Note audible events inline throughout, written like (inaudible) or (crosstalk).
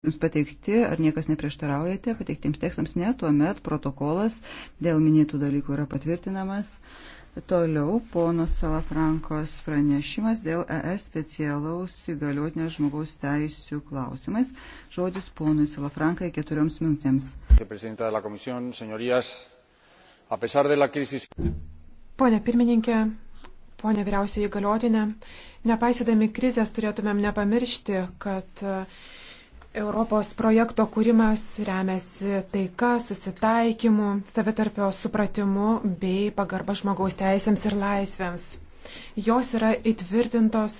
Jums pateikti, ar niekas neprieštaraujate, pateiktiems tekstams ne, tuomet protokolas dėl minėtų dalykų yra patvirtinamas. Toliau ponos Salafrankos pranešimas dėl ES specialaus įgaliotinio žmogaus teisų klausimais. Žodis ponui Salafrankai keturioms minutėms. Pone pirmininkė, Pone vyriausiai įgaliotinė, nepaisydami krizės turėtumėm nepamiršti, kad Europos projekto kūrimas remiasi taika, susitaikymu, savitarpio supratimu bei pagarba žmogaus teisėms ir laisvėms. Jos yra įtvirtintos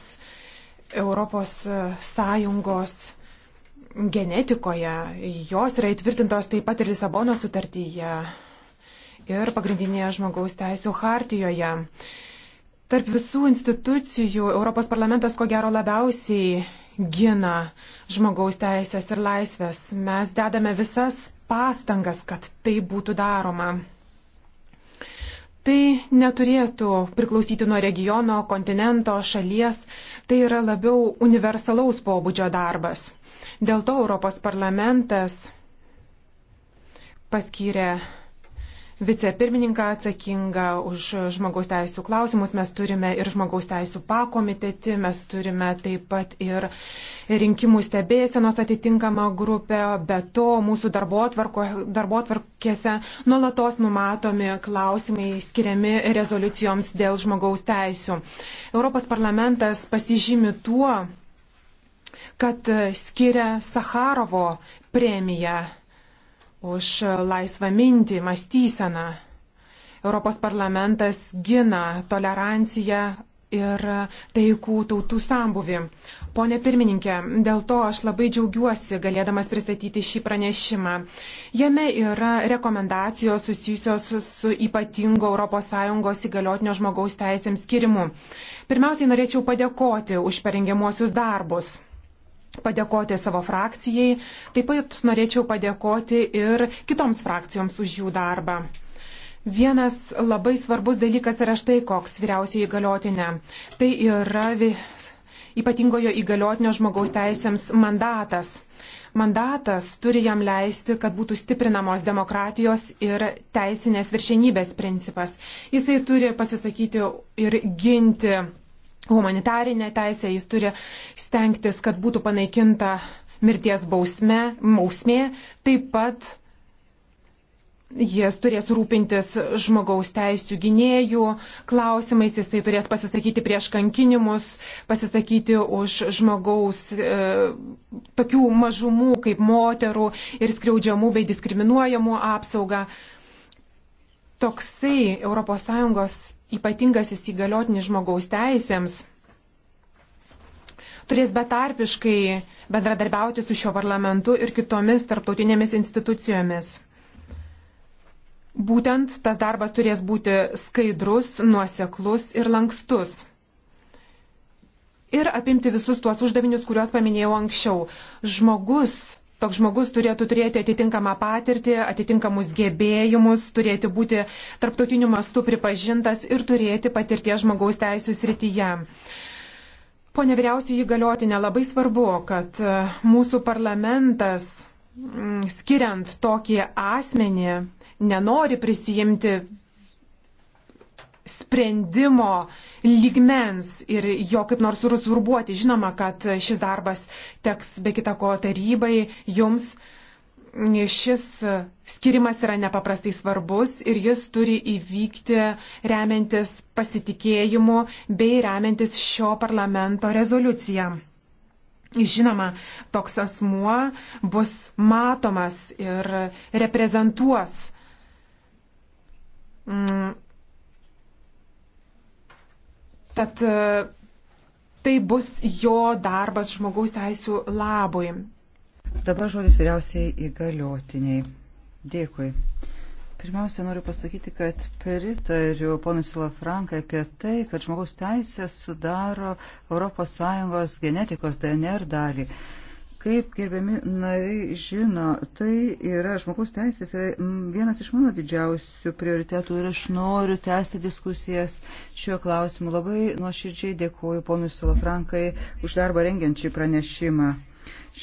Europos Sąjungos genetikoje, jos yra įtvirtintos taip pat ir Lisabono sutartyje ir pagrindinėje žmogaus teisų hartijoje. Tarp visų institucijų Europos parlamentas ko gero labiausiai gina žmogaus teisės ir laisvės. Mes dedame visas pastangas, kad tai būtų daroma. Tai neturėtų priklausyti nuo regiono, kontinento, šalies, tai yra labiau universalaus pobūdžio darbas. Dėl to Europos parlamentas paskyrė vicepirmininką atsakingą už žmogaus teisų klausimus, mes turime ir žmogaus teisų pakomitetį, mes turime taip pat ir rinkimų stebėsenos atitinkamą grupę, be to mūsų darbo atvarkėse nuolatos numatomi klausimai skiriami rezoliucijoms dėl žmogaus teisų. Europos parlamentas pasižymi tuo, kad skiria Sakarovo premiją už laisvą mintį, mąstyseną. Europos parlamentas gina toleranciją ir taikų tautų sambuvi. Pone pirmininkė, dėl to aš labai džiaugiuosi galėdamas pristatyti šį pranešimą. Jame yra rekomendacijos susijusios su ypatingo ES įgaliotinio žmogaus teisėms skirimu. Pirmiausiai norėčiau padėkoti už parengiamuosius darbus padėkoti savo frakcijai. Taip pat norėčiau padėkoti ir kitoms frakcijoms už jų darbą. Vienas labai svarbus dalykas yra štai koks vyriausiai įgaliotinė. Tai yra ypatingojo įgaliotinio žmogaus teisėms mandatas. Mandatas turi jam leisti, kad būtų stiprinamos demokratijos ir teisinės viršenybės principas. Jisai turi pasisakyti ir ginti humanitarinę teisę, jis turi stengtis, kad būtų panaikinta mirties bausme, mausmė, taip pat jis turės rūpintis žmogaus teisų gynėjų klausimais, jisai turės pasisakyti prieš kankinimus, pasisakyti už žmogaus e, tokių mažumų kaip moterų ir skriaudžiamų bei diskriminuojamų apsaugą. Toksai ES ypatingasis įgaliotinis žmogaus teisėms turės betarpiškai bendradarbiauti su šio parlamentu ir kitomis tarptautinėmis institucijomis. Būtent tas darbas turės būti skaidrus, nuoseklus ir lankstus. Ir apimti visus tuos uždavinius, kuriuos paminėjau anksčiau. Žmogus toks žmogus turėtų turėti atitinkamą patirtį, atitinkamus gebėjimus, turėti būti tarptautiniu mastu pripažintas ir turėti patirties žmogaus teisų srityje. Pone vyriausiai įgaliotinė, labai svarbu, kad e, mūsų parlamentas, skiriant tokį asmenį, nenori prisijimti sprendimo lygmens ir jo kaip nors suruzurbuoti. Žinoma, kad šis darbas teks be kita ko tarybai, jums šis skirimas yra nepaprastai svarbus ir jis turi įvykti remiantis pasitikėjimu bei remiantis šio parlamento rezoliuciją. Žinoma, toks asmuo bus matomas ir reprezentuos mm, Tad e, tai bus jo darbas žmogaus teisų labui. Dabar žodis vyriausiai įgaliotiniai. Dėkui. Pirmiausia, noriu pasakyti, kad pritariu ponui Silafrankai apie tai, kad žmogaus teisės sudaro ES genetikos DNR dalį. Kaip gerbiami nariai žino, tai yra žmogaus teisės, yra vienas iš mano didžiausių prioritetų ir aš noriu tęsti diskusijas šiuo klausimu. Labai nuoširdžiai dėkuoju ponui Salafrankai už darbą rengiančią pranešimą.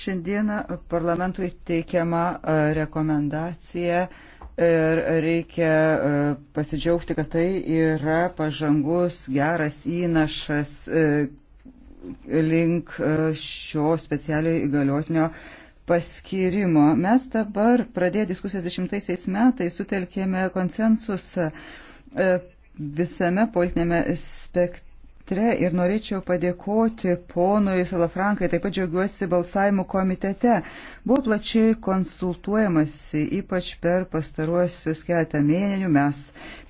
Šiandieną parlamentui teikiama e, rekomendacija ir reikia e, pasidžiaugti, kad tai yra pažangus, geras įnašas e, link e, šio specialiojo įgaliotinio paskirimo. Mes dabar pradėję diskusijas dešimtaisiais metais sutelkėme konsensusą e, visame politinėme spektre teatre ir norėčiau padėkoti ponui Salafrankai, taip pat džiaugiuosi balsavimu komitete. Buvo plačiai konsultuojamasi, ypač per pastaruosius keletą mėnesių mes,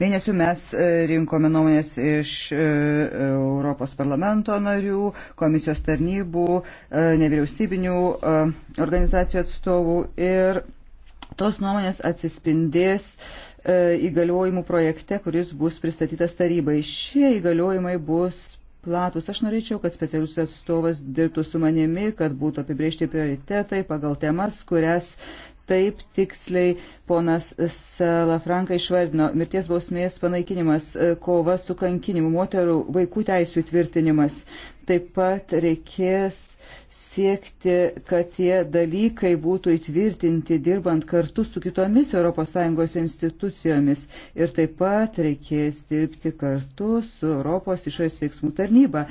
mėnesių mes e, rinkome nuomonės iš e, Europos parlamento narių, komisijos tarnybų, e, nevyriausybinių organizacijų atstovų ir tos nuomonės atsispindės uh, E, įgaliojimų projekte, kuris bus pristatytas tarybai. Šie įgaliojimai bus platus. Aš norėčiau, kad specialus atstovas dirbtų su manimi, kad būtų apibriežti prioritetai pagal temas, kurias taip tiksliai ponas Salafranka išvardino. Mirties bausmės panaikinimas, e, kova su kankinimu, moterų vaikų teisų tvirtinimas. Taip pat reikės siekti, kad tie dalykai būtų įtvirtinti dirbant kartu su kitomis ES institucijomis ir taip pat reikės dirbti kartu su Europos išorės veiksmų tarnyba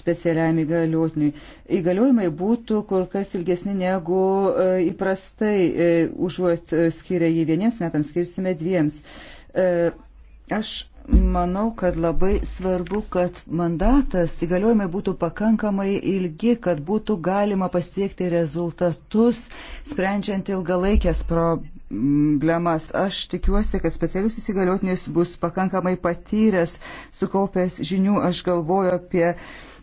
specialiam įgaliotiniui. Įgaliojimai būtų kur kas ilgesni negu e, įprastai, e, užuot e, skiria jį vieniems metams, skirsime dviems. Aš Manau, kad labai svarbu, kad mandatas įgaliojimai būtų pakankamai ilgi, kad būtų galima pasiekti rezultatus, sprendžiant ilgalaikės problemas. Aš tikiuosi, kad specialius įsigaliotinis bus pakankamai patyręs, sukaupęs žinių. Aš galvoju apie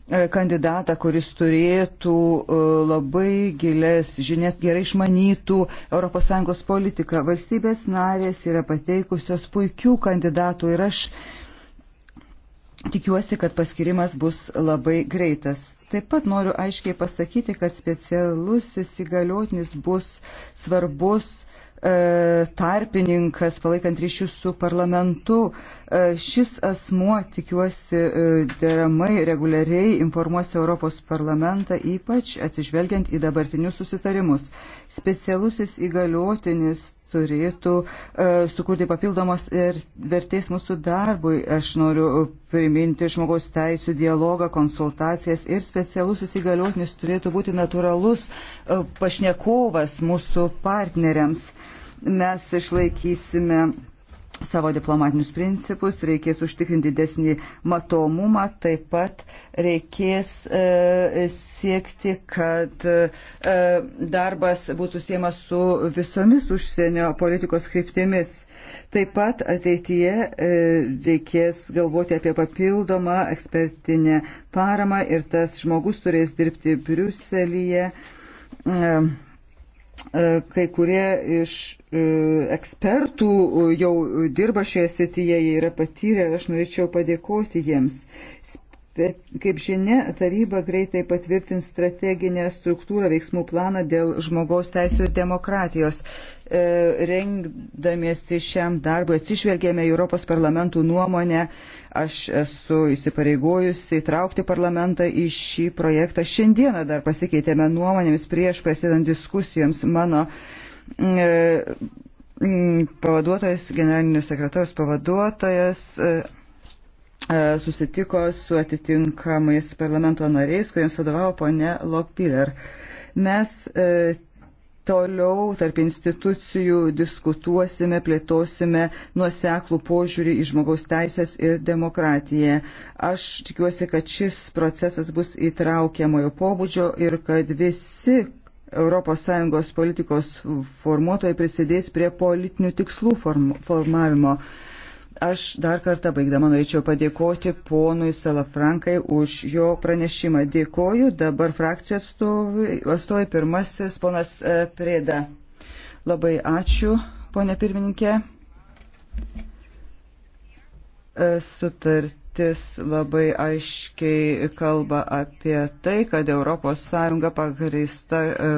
E, kandidatą, kuris turėtų e, labai gilės žinias, gerai išmanytų ES politiką. Valstybės narės yra pateikusios puikių kandidatų ir aš tikiuosi, kad paskirimas bus labai greitas. Taip pat noriu aiškiai pasakyti, kad specialusis įgaliotinis bus svarbus E, tarpininkas, palaikant ryšius su parlamentu. E, šis asmuo, tikiuosi, e, deramai, reguliariai informuos Europos parlamentą, ypač atsižvelgiant į dabartinius susitarimus. Specialusis įgaliotinis turėtų e, sukurti papildomos vertės mūsų darbui. Aš noriu priminti žmogaus teisų dialogą, konsultacijas ir specialus įsigaliotinis turėtų būti natūralus e, pašnekovas mūsų partneriams. Mes išlaikysime savo diplomatinius principus, reikės užtikrinti didesnį matomumą, taip pat reikės e, siekti, kad e, darbas būtų siemas su visomis užsienio politikos kryptimis. Taip pat ateityje e, reikės galvoti apie papildomą ekspertinę paramą ir tas žmogus turės dirbti Briuselyje. E, E, kai kurie iš e, ekspertų e, jau dirba šioje srityje, jie yra patyrę ir aš norėčiau padėkoti jiems. Bet, kaip žinia, taryba greitai patvirtins strateginę struktūrą veiksmų planą dėl žmogaus teisų ir demokratijos. E, rengdamiesi šiam darbui atsižvelgėme į Europos parlamentų nuomonę. Aš esu įsipareigojusi įtraukti parlamentą į šį projektą. Šiandieną dar pasikeitėme nuomonėmis prieš prasidant diskusijoms mano. Mm, e, mm, pavaduotojas, generalinis sekretorius pavaduotojas e, E, susitiko su atitinkamais parlamento nariais, kuriems vadovavo ponė Lokpiler. Mes e, toliau tarp institucijų diskutuosime, plėtosime nuoseklų požiūrį į žmogaus teisės ir demokratiją. Aš tikiuosi, kad šis procesas bus įtraukiamojo pobūdžio ir kad visi ES politikos formuotojai prisidės prie politinių tikslų formavimo. Aš dar kartą baigdama norėčiau padėkoti ponui Salafrankai už jo pranešimą. Dėkoju. Dabar frakcijų atstovai pirmasis ponas e, Prėda. Labai ačiū, ponė pirmininkė. E, sutartis labai aiškiai kalba apie tai, kad ES pagrįsta e,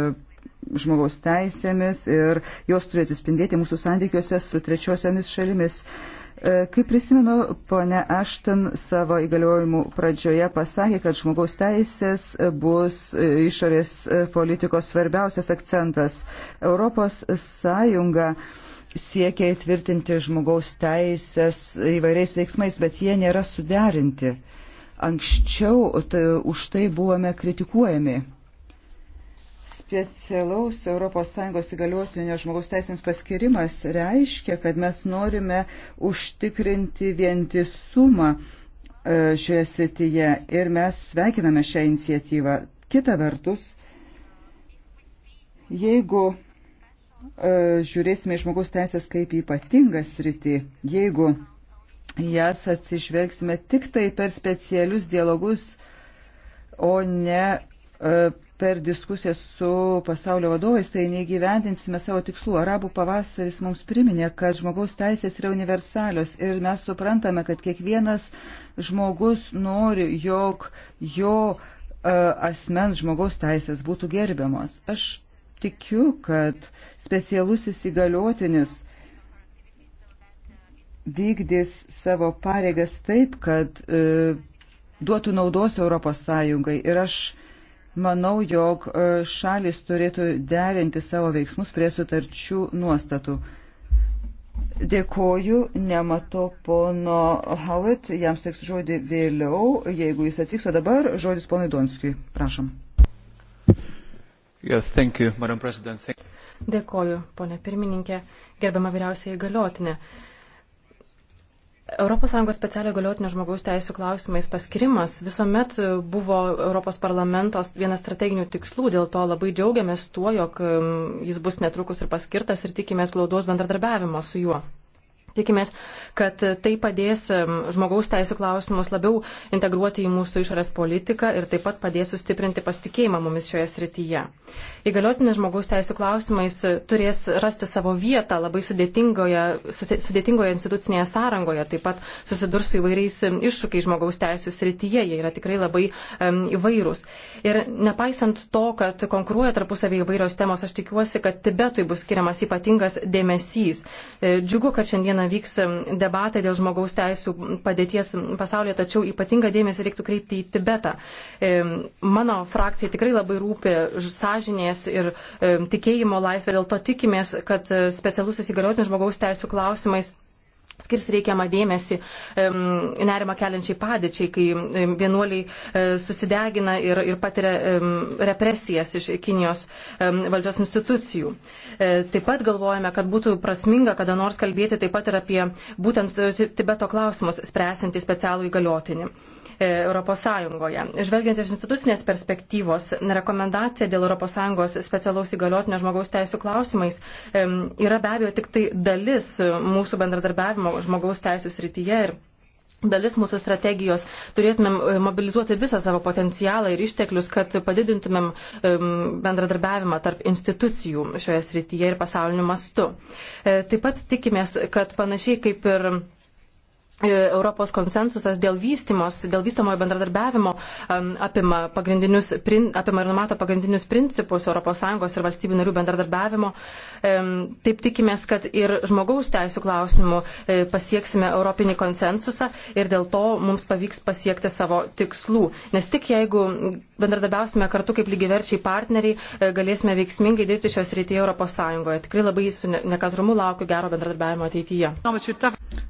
žmogaus teisėmis ir jos turi atsispindėti mūsų santykiuose su trečiosiomis šalimis. Uh, E, kaip prisimenu, ponė Ašten savo įgaliojimų pradžioje pasakė, kad žmogaus teisės bus išorės politikos svarbiausias akcentas. Europos Sąjunga siekia įtvirtinti žmogaus teisės įvairiais veiksmais, bet jie nėra suderinti. Anksčiau tai, už tai buvome kritikuojami specialaus ES įgaliotinio žmogaus teisėms paskirimas reiškia, kad mes norime užtikrinti vientisumą e, šioje srityje ir mes sveikiname šią iniciatyvą. Kita vertus, jeigu e, žiūrėsime į žmogaus teisės kaip ypatingą sritį, jeigu jas atsižvelgsime tik tai per specialius dialogus, o ne e, per diskusiją su pasaulio vadovais, tai neįgyvendinsime savo tikslų. Arabų pavasaris mums priminė, kad žmogaus teisės yra universalios ir mes suprantame, kad kiekvienas žmogus nori, jog jo e, asmens žmogaus teisės būtų gerbiamos. Aš tikiu, kad specialusis įgaliotinis vykdys savo pareigas taip, kad e, duotų naudos Europos Sąjungai. Ir aš Manau, jog e, šalis turėtų derinti savo veiksmus prie sutarčių nuostatų. Dėkoju, nematau pono Howitt, jam teiks žodį vėliau, jeigu jis atvyks, o dabar žodis ponui Donskijui. Prašom. Yeah, you, Dėkoju, ponė pirmininkė, gerbiama vyriausiai įgaliotinė. ES specialio galiotinio žmogaus teisų klausimais paskirimas visuomet buvo Europos parlamentos vienas strateginių tikslų, dėl to labai džiaugiamės tuo, jog mm, jis bus netrukus ir paskirtas ir tikimės glaudaus bendradarbiavimo su juo. Tikimės, kad tai padės žmogaus teisų klausimus labiau integruoti į mūsų išorės politiką ir taip pat padės sustiprinti pasitikėjimą mumis šioje srityje. Įgaliotinis žmogaus teisų klausimais turės rasti savo vietą labai sudėtingoje, sudėtingoje institucinėje sąrangoje, taip pat susidurs su įvairiais iššūkiais žmogaus teisų srityje, jie yra tikrai labai um, įvairūs. Ir nepaisant to, kad konkuruoja tarpusavį įvairios temos, aš tikiuosi, kad Tibetui bus skiriamas ypatingas dėmesys. E, džiugu, kad šiandien dieną vyks debatai dėl žmogaus teisų padėties pasaulyje, tačiau ypatingą dėmesį reiktų kreipti į Tibetą. E, mano frakcijai tikrai labai rūpi sąžinės ir e, tikėjimo laisvė, dėl to tikimės, kad specialusis įgaliotinis žmogaus teisų klausimais skirs reikiamą dėmesį nerima keliančiai padėčiai, kai vienuoliai e, susidegina ir, ir patiria represijas iš Kinijos valdžios institucijų. E, taip pat galvojame, kad būtų prasminga kada nors kalbėti taip pat ir apie būtent Tibeto klausimus spręsinti specialų įgaliotinį. ES. Žvelgiant iš institucinės perspektyvos, rekomendacija dėl ES specialaus įgaliotinio žmogaus teisų klausimais yra be abejo tik tai dalis mūsų bendradarbiavimo žmogaus teisų srityje ir dalis mūsų strategijos, turėtumėm e, mobilizuoti visą savo potencialą ir išteklius, kad padidintumėm bendradarbiavimą tarp institucijų šioje srityje ir pasauliniu mastu. E, taip pat tikimės, kad panašiai kaip ir E, Europos konsensusas dėl vystimos, dėl vystomojo bendradarbiavimo apima, pagrindinius, apima ir numato pagrindinius principus ES ir valstybių narių bendradarbiavimo. Taip tikimės, kad ir žmogaus teisų klausimų e, pasieksime Europinį konsensusą ir dėl to mums pavyks pasiekti savo tikslų. Nes tik jeigu bendradarbiausime kartu kaip lygiverčiai partneriai, e, galėsime veiksmingai dirbti šios rytyje ES. Tikrai labai su nekantrumu laukiu gero bendradarbiavimo ateityje.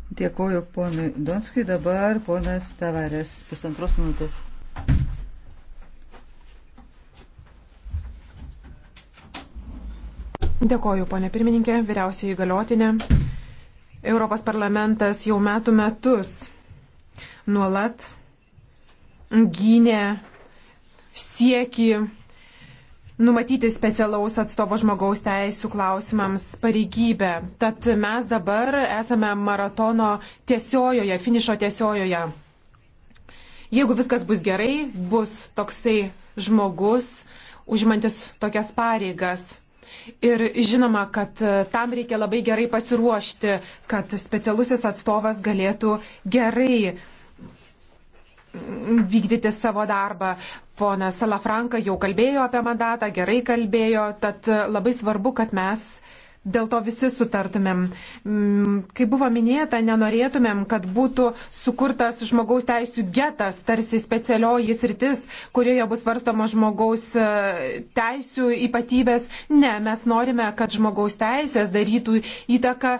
Dėkoju ponui Donskui, dabar ponas Tavarės, pusantros minutės. Dėkoju, ponė pirmininkė, vyriausiai įgaliotinė. Europos parlamentas jau metų metus nuolat gynė sieki numatyti specialaus atstovo žmogaus teisų klausimams pareigybę. Tad mes dabar esame maratono tiesiojoje, finišo tiesiojoje. Jeigu viskas bus gerai, bus toksai žmogus, užimantis tokias pareigas. Ir žinoma, kad e, tam reikia labai gerai pasiruošti, kad specialusis atstovas galėtų gerai vykdyti savo darbą. Pona Salafranka jau kalbėjo apie mandatą, gerai kalbėjo, tad labai svarbu, kad mes dėl to visi sutartumėm. Mm, kaip buvo minėta, nenorėtumėm, kad būtų sukurtas žmogaus teisų getas, tarsi specialioji sritis, kurioje bus varstoma žmogaus e, teisų ypatybės. Ne, mes norime, kad žmogaus teisės darytų įtaką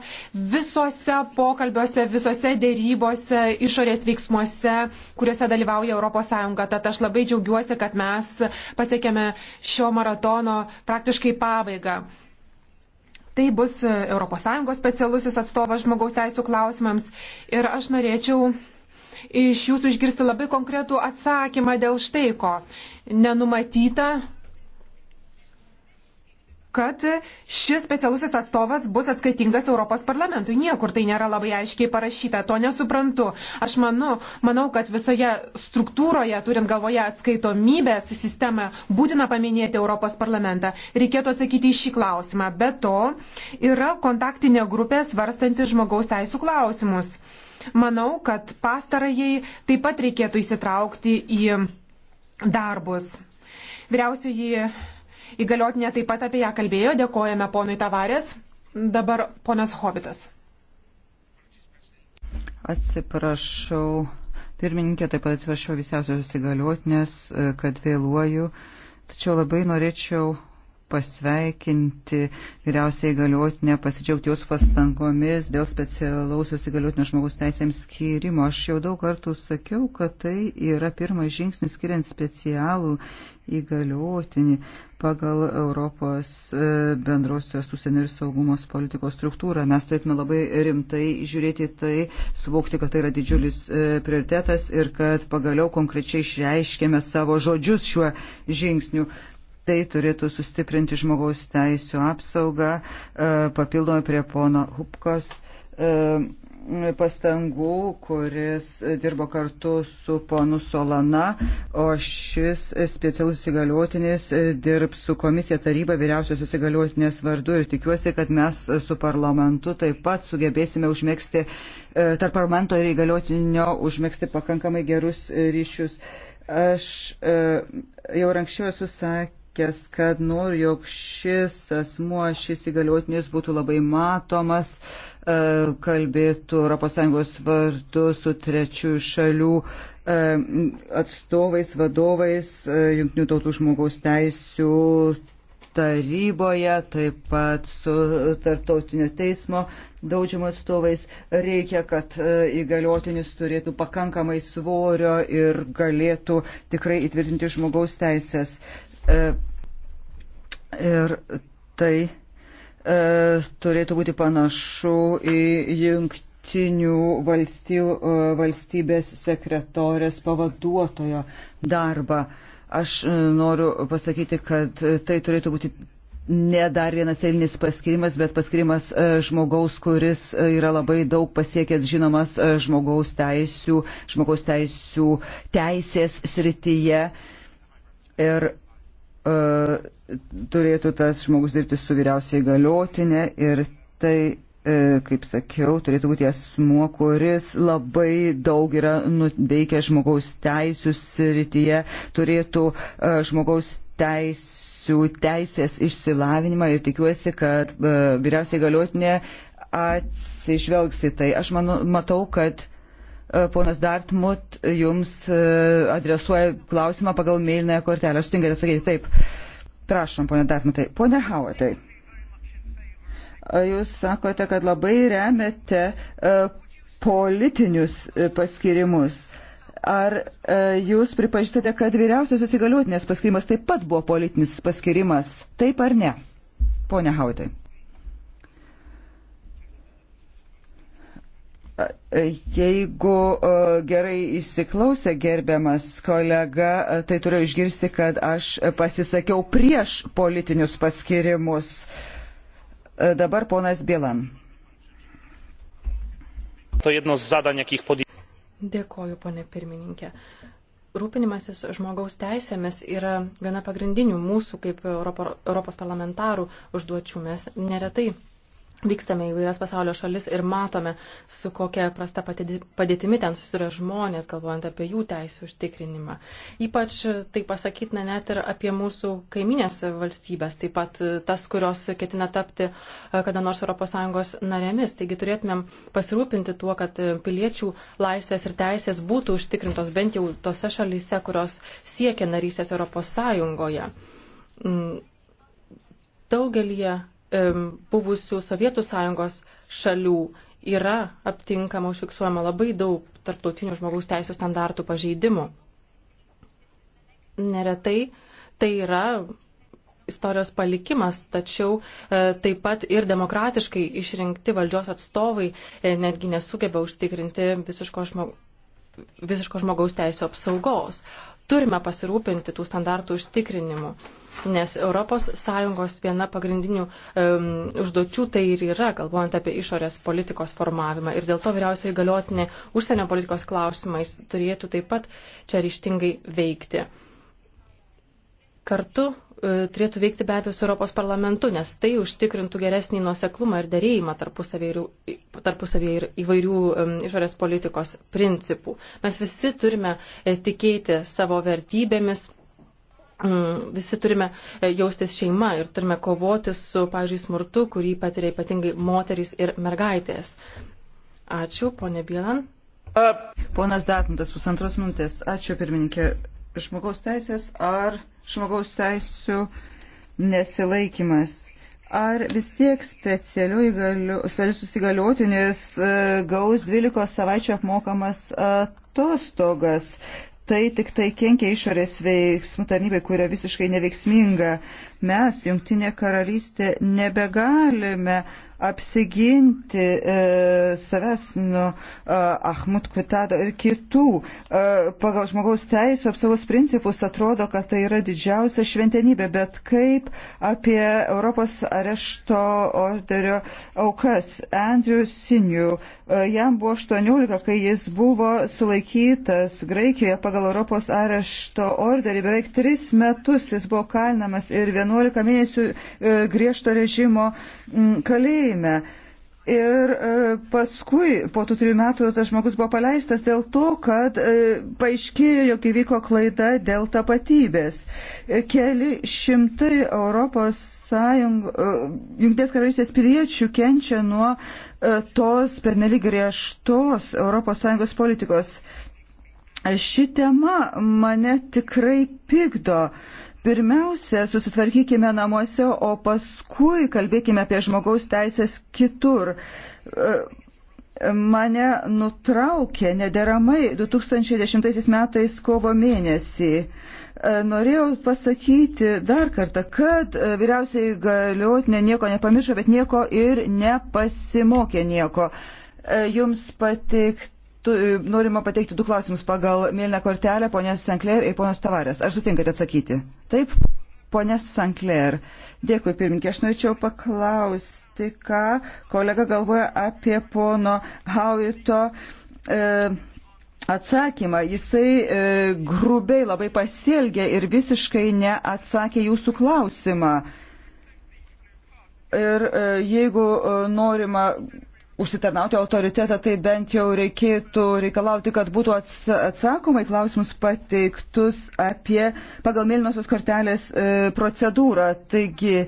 visose pokalbiuose, visose dėrybose, išorės veiksmuose, kuriuose dalyvauja ES. Tad aš labai džiaugiuosi, kad mes pasiekėme šio maratono praktiškai pabaigą. Tai bus ES specialusis atstovas žmogaus teisų klausimams. Ir aš norėčiau iš jūsų išgirsti labai konkretų atsakymą dėl štai ko. Nenumatyta kad šis specialusis atstovas bus atskaitingas Europos parlamentui. Niekur tai nėra labai aiškiai parašyta, to nesuprantu. Aš manu, manau, kad visoje struktūroje, turint galvoje atskaitomybės sistemą, būtina paminėti Europos parlamentą. Reikėtų atsakyti į šį klausimą. Be to, yra kontaktinė grupė svarstanti žmogaus teisų klausimus. Manau, kad pastarajai taip pat reikėtų įsitraukti į darbus. Vyriausiai Įgaliotinė taip pat apie ją kalbėjo. Dėkojame ponui Tavarės. Dabar ponas Hobitas. Atsiprašau, pirmininkė, taip pat atsiprašau visiausios įgaliotinės, e, kad vėluoju. Tačiau labai norėčiau pasveikinti vyriausiai įgaliotinę, pasidžiaugti jūsų pastangomis dėl specialausios įgaliotinio žmogus teisėms skyrimo. Aš jau daug kartų sakiau, kad tai yra pirmas žingsnis skiriant specialų įgaliotinį pagal Europos e, bendrosios užsienio ir saugumos politikos struktūrą. Mes turėtume labai rimtai žiūrėti tai, suvokti, kad tai yra didžiulis e, prioritetas ir kad pagaliau konkrečiai išreiškėme savo žodžius šiuo žingsniu. Tai turėtų sustiprinti žmogaus teisų apsaugą, e, papildomai prie pono Hupkos pastangų, kuris dirbo kartu su ponu Solana, o šis specialus įgaliotinis dirbs su komisija taryba vyriausiosios įgaliotinės vardu ir tikiuosi, kad mes su parlamentu taip pat sugebėsime užmėgsti, e, tarp parlamento ir įgaliotinio užmėgsti pakankamai gerus ryšius. Aš e, jau anksčiau esu sakęs, sakęs, kad noriu, jog šis asmuo, šis įgaliotinis būtų labai matomas, uh, E, kalbėtų ES vardu su trečių šalių e, atstovais, vadovais e, Junktinių tautų žmogaus teisų taryboje, taip pat su tarptautinio teismo daudžiamo atstovais. Reikia, kad įgaliotinis turėtų pakankamai svorio ir galėtų tikrai įtvirtinti žmogaus teisės. Ir tai E, turėtų būti panašu į jungtinių valstybių, e, valstybės sekretorės pavaduotojo darbą. Aš e, noriu pasakyti, kad tai turėtų būti ne dar vienas eilinis paskirimas, bet paskirimas žmogaus, kuris yra labai daug pasiekęs žinomas žmogaus teisų, žmogaus teisų teisės srityje. Ir E, turėtų tas žmogus dirbti su vyriausiai galiotinė ir tai, e, kaip sakiau, turėtų būti asmuo, kuris labai daug yra nuveikę žmogaus teisų srityje, turėtų e, žmogaus teisų teisės išsilavinimą ir tikiuosi, kad vyriausiai galiotinė atsižvelgs į tai. Aš manu, matau, kad E, ponas Dartmut jums e, adresuoja klausimą pagal mėlynąją kortelę. Aš tinkate atsakyti taip. Prašom, ponė Dartmutai. Pone Hauatai, jūs sakote, kad labai remiate e, politinius paskirimus. Ar jūs pripažįstate, kad vyriausiosios įgaliotinės paskirimas taip pat buvo politinis paskirimas? Taip ar ne? Pone Hautai. Jeigu e, gerai įsiklausė gerbiamas kolega, e, tai turiu išgirsti, kad aš pasisakiau prieš politinius paskirimus. E, dabar ponas Bielan. Dėkoju, ponė pirmininkė. Rūpinimasis žmogaus teisėmis yra viena pagrindinių mūsų kaip Europos parlamentarų užduočių. Mes neretai Vykstame į vairias pasaulio šalis ir matome, su kokia prasta padėtimi ten susiduria žmonės, galvojant apie jų teisų užtikrinimą. Ypač tai pasakytina net ir apie mūsų kaiminės valstybės, taip pat tas, kurios ketina tapti e, kada nors ES narėmis. Taigi turėtumėm pasirūpinti tuo, kad piliečių laisvės ir teisės būtų užtikrintos bent jau tose šalyse, kurios siekia narysės ES. Mm. Daugelį buvusių Sovietų sąjungos šalių yra aptinkama, užfiksuojama labai daug tarptautinių žmogaus teisų standartų pažeidimų. Neretai tai yra istorijos palikimas, tačiau e, taip pat ir demokratiškai išrinkti valdžios atstovai e, netgi nesugeba užtikrinti visiško, žmog... visiško žmogaus teisų apsaugos turime pasirūpinti tų standartų užtikrinimu. Nes ES viena pagrindinių um, užduočių tai ir yra, galvojant apie išorės politikos formavimą. Ir dėl to vyriausioji galiotinė užsienio politikos klausimais turėtų taip pat čia ryštingai veikti kartu e, turėtų veikti be abejo su Europos parlamentu, nes tai užtikrintų geresnį nuoseklumą ir dėrėjimą tarpusavėje ir įvairių išorės politikos principų. Mes visi turime e, tikėti savo vertybėmis. Visi turime e, jaustis šeima ir turime kovoti su, pavyzdžiui, smurtu, kurį patiria ypatingai moterys ir mergaitės. Ačiū, ponė Bielan. Ponas Datintas, pusantros minutės. Ačiū, pirmininkė žmogaus teisės ar žmogaus teisų nesilaikimas. Ar vis tiek specialius įgaliotinis e, gaus 12 savaičių apmokamas atostogas? Tai tik tai kenkia išorės veiksmų tarnybai, kuria visiškai neveiksminga. Mes, Junktinė karalystė, nebegalime uh, apsiginti e, savęs nuo e, Ahmud Kutado ir kitų. E, pagal žmogaus teisų apsaugos principus atrodo, kad tai yra didžiausia šventenybė, bet kaip apie Europos arešto orderio aukas Andrew Siniu, Jam buvo 18, kai jis buvo sulaikytas Graikijoje pagal Europos arešto orderį. Beveik 3 metus jis buvo kalinamas ir 11 mėnesių e, griežto režimo kalėjime. Ir e, paskui po tų trijų metų tas žmogus buvo paleistas dėl to, kad e, paaiškėjo, jog įvyko klaida dėl tapatybės. Keli šimtai Europos Sąjung, Junktinės karalystės piliečių kenčia nuo E, tos pernelyg griežtos ES politikos. Ši tema mane tikrai pykdo. Pirmiausia, susitvarkykime namuose, o paskui kalbėkime apie žmogaus teisės kitur. E, mane nutraukė nederamai 2010 metais kovo mėnesį. E, norėjau pasakyti dar kartą, kad e, vyriausiai galiotinė nieko nepamiršo, bet nieko ir nepasimokė nieko. E, jums pateikti. Norima pateikti du klausimus pagal mėlyną kortelę, ponės Senkler ir ponas Tavarės. Ar sutinkate atsakyti? Taip? Pone Sankler, dėkui pirmininkė, aš norėčiau paklausti, ką kolega galvoja apie pono Hauito e, atsakymą. Jisai e, grubiai labai pasielgė ir visiškai neatsakė jūsų klausimą. Ir e, jeigu e, norima užsitarnauti autoritetą, tai bent jau reikėtų reikalauti, kad būtų atsakomai klausimus pateiktus apie pagal mėlynosios kortelės e, procedūrą. Taigi e,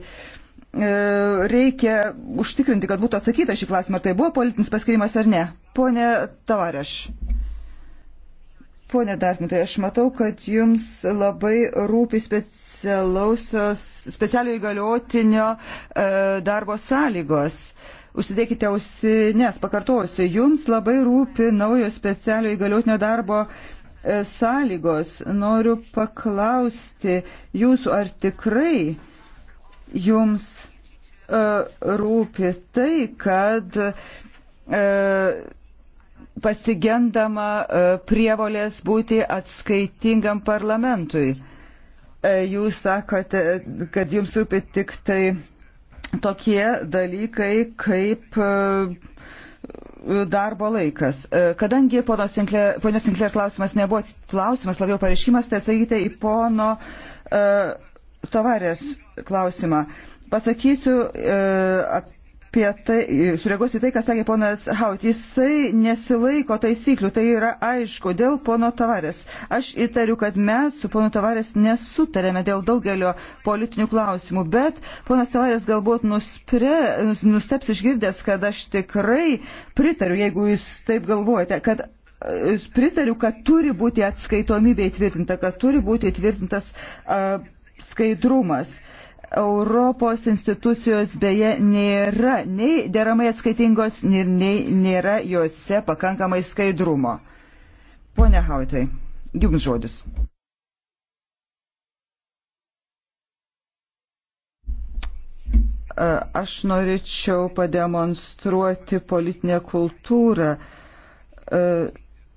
reikia užtikrinti, kad būtų atsakyta šį klausimą, ar tai buvo politinis paskirimas ar ne. Pone Tavareš. Pone Dartmitai, aš matau, kad jums labai rūpi specialiojo įgaliotinio e, darbo sąlygos. E, Užsidėkite ausinės, pakartosiu, jums labai rūpi naujo specialio įgaliotinio darbo e, sąlygos. Noriu paklausti jūsų, ar tikrai jums uh, rūpi tai, kad uh, pasigendama uh, prievolės būti atskaitingam parlamentui. Uh, jūs sakote, kad jums rūpi tik tai uh, tokie dalykai kaip e, darbo laikas. E, kadangi ponios Sinclair klausimas nebuvo klausimas, labiau pareiškimas, tai atsakykite į pono uh, e, Tavarės klausimą. Pasakysiu uh, apie apie tai, sureaguosiu į tai, ką sakė ponas Haut. Jisai nesilaiko taisyklių, tai yra aišku, dėl pono tavarės. Aš įtariu, kad mes su pono tavarės nesutarėme dėl daugelio politinių klausimų, bet ponas tavarės galbūt nuspre, nusteps išgirdęs, kad aš tikrai pritariu, jeigu jūs taip galvojate, kad e, pritariu, kad turi būti atskaitomybė įtvirtinta, kad turi būti įtvirtintas uh, skaidrumas. Uh, Europos institucijos beje nėra nei deramai atskaitingos, nei, nei nėra juose pakankamai skaidrumo. Pone Hautai, jums žodis. Aš norėčiau pademonstruoti politinę kultūrą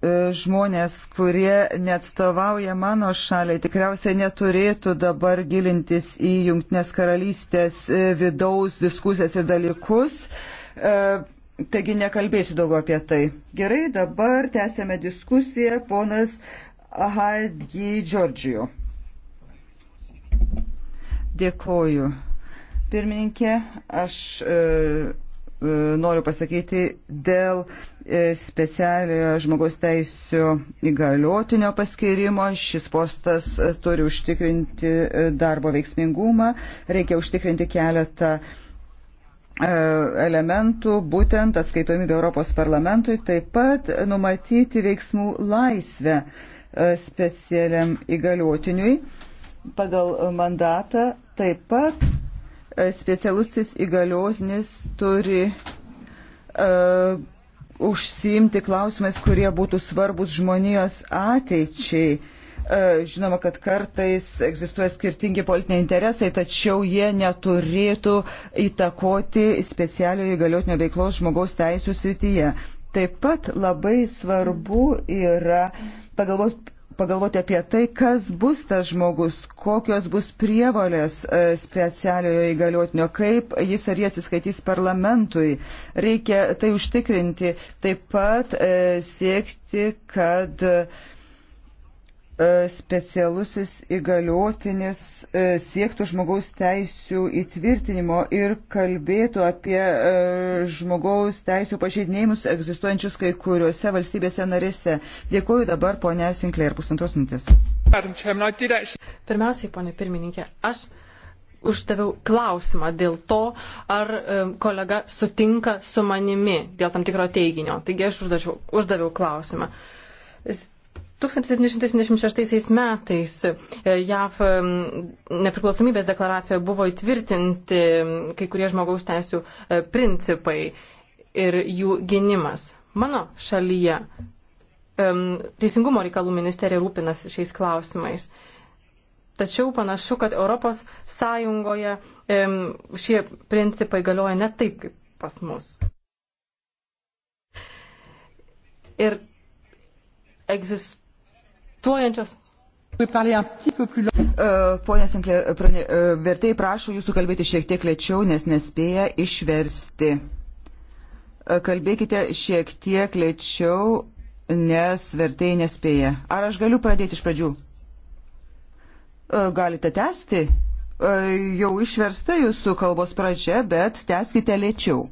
E, žmonės, kurie neatstovauja mano šaliai, tikriausiai neturėtų dabar gilintis į Junktinės karalystės e, vidaus diskusijas ir dalykus. E, taigi nekalbėsiu daugiau apie tai. Gerai, dabar tęsėme diskusiją ponas Hadgi Džordžijų. Dėkoju. Pirmininkė, aš. E, E, noriu pasakyti dėl e, specialiojo žmogaus teisų įgaliotinio paskirimo. Šis postas e, turi užtikrinti darbo veiksmingumą, reikia užtikrinti keletą elementų, būtent atskaitomybė Europos parlamentui, taip pat numatyti veiksmų laisvę specialiam įgaliotiniui pagal mandatą, taip pat specialusis įgaliotinis turi uh, užsiimti klausimais, kurie būtų svarbus žmonijos ateičiai. E, žinoma, kad kartais egzistuoja skirtingi politiniai interesai, tačiau jie neturėtų įtakoti specialiojo įgaliotinio veiklos žmogaus teisų srityje. Taip pat labai svarbu yra pagalvoti pagalvoti apie tai, kas bus tas žmogus, kokios bus prievalės e, specialiojo įgaliotinio, kaip jis ar jie atsiskaitys parlamentui. Reikia tai užtikrinti, taip pat e, siekti, kad e, E, specialusis įgaliotinis e, siektų žmogaus teisų įtvirtinimo ir kalbėtų apie e, žmogaus teisų pažeidinėjimus egzistuojančius kai kuriuose valstybėse narėse. Dėkuoju dabar ponia Sinklė ir pusantros minutės. Pirmiausiai, ponia pirmininkė, aš uždaviau klausimą dėl to, ar kolega sutinka su manimi dėl tam tikro teiginio. Taigi aš uždaviau, uždaviau klausimą 1776 metais e, JAV nepriklausomybės deklaracijoje buvo įtvirtinti kai kurie žmogaus teisų e, principai ir jų gynimas. Mano šalyje Teisingumo reikalų ministerija rūpinasi šiais klausimais. Tačiau panašu, kad Europos Sąjungoje šie principai galioja ne taip, kaip pas mus. Ir egzistuoja konfliktuojančios. Pone Sinklė, vertai prašau jūsų kalbėti šiek tiek lėčiau, nes nespėja išversti. E, kalbėkite šiek tiek lėčiau, nes vertai nespėja. Ar aš galiu pradėti iš pradžių? E, galite tęsti? E, jau išversta jūsų kalbos pradžia, bet tęskite lėčiau.